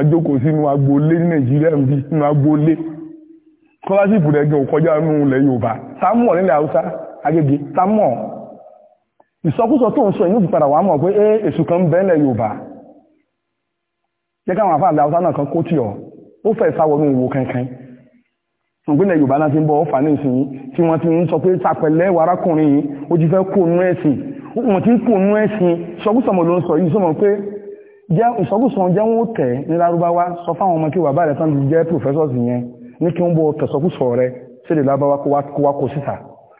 ajókòó sínú agboolé ní nàìjíríà ń bí nínú agboolé scholarship rẹ̀ gan kọjá nínú ilẹ̀ yorùbá sámọ̀ nílẹ̀ haúsá agége sámọ̀ ìsọkúsọ tó ń sọ yìí ó wà mọ̀ pé é èṣù kan ń bẹ nílẹ̀ yorùbá jẹ́ káwọn afáàlẹ̀ haúsá náà kan kó tì ó fẹ́ sáwọ́ nínú ìwo kankan ìpínlẹ̀ yorùbá náà ti ń bọ̀ ọ́ ní ìsìn tí wọ́n ti ń sọ pé sàpẹ̀lẹ́ wàrákùnrin yìí ó ti fẹ́ kó nú ẹ̀sìn wọ́n ti ń kó nú ẹ̀sìn sọkúsọmọ ló ń sọ yìí sọmọ pé jẹ́ ìsọkúsọ jẹ́ wọ́n tẹ̀ ní lárúbáwá sọ fáwọn ọmọ kí bàbá rẹ̀ tán ti jẹ́ professors yẹn ní kí wọ́n bọ́ tẹ̀sọkúsọ rẹ̀ sílẹ̀ lárúbáwá kó wá kó síta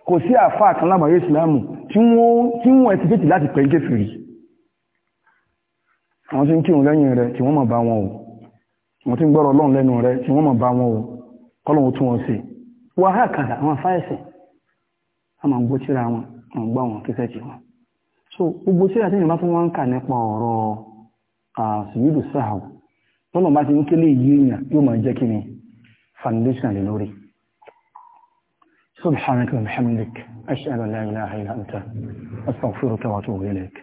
kò sí àfáà kan lámàáyé ìsìlámù tí wọ́n ti fètì láti pẹ̀ kéfìrí àwọn tí ń kírun lẹ́yìn rẹ̀ tí wọ́n mọ̀ bá wọn o wọ́n tí ń gbọ́rọ̀ ọlọ́run lẹ́nu so gbogbo tíra tí ìrìnbá fún wọn ń àṣìyídù sáàwù tọ́nà bá ti ń kélé yíyàn yóò máa jẹ́ kí ni foundation lè lórí subhanaka wa bihamdik ashhadu an la ilaha illa anta astaghfiruka wa atubu ilayk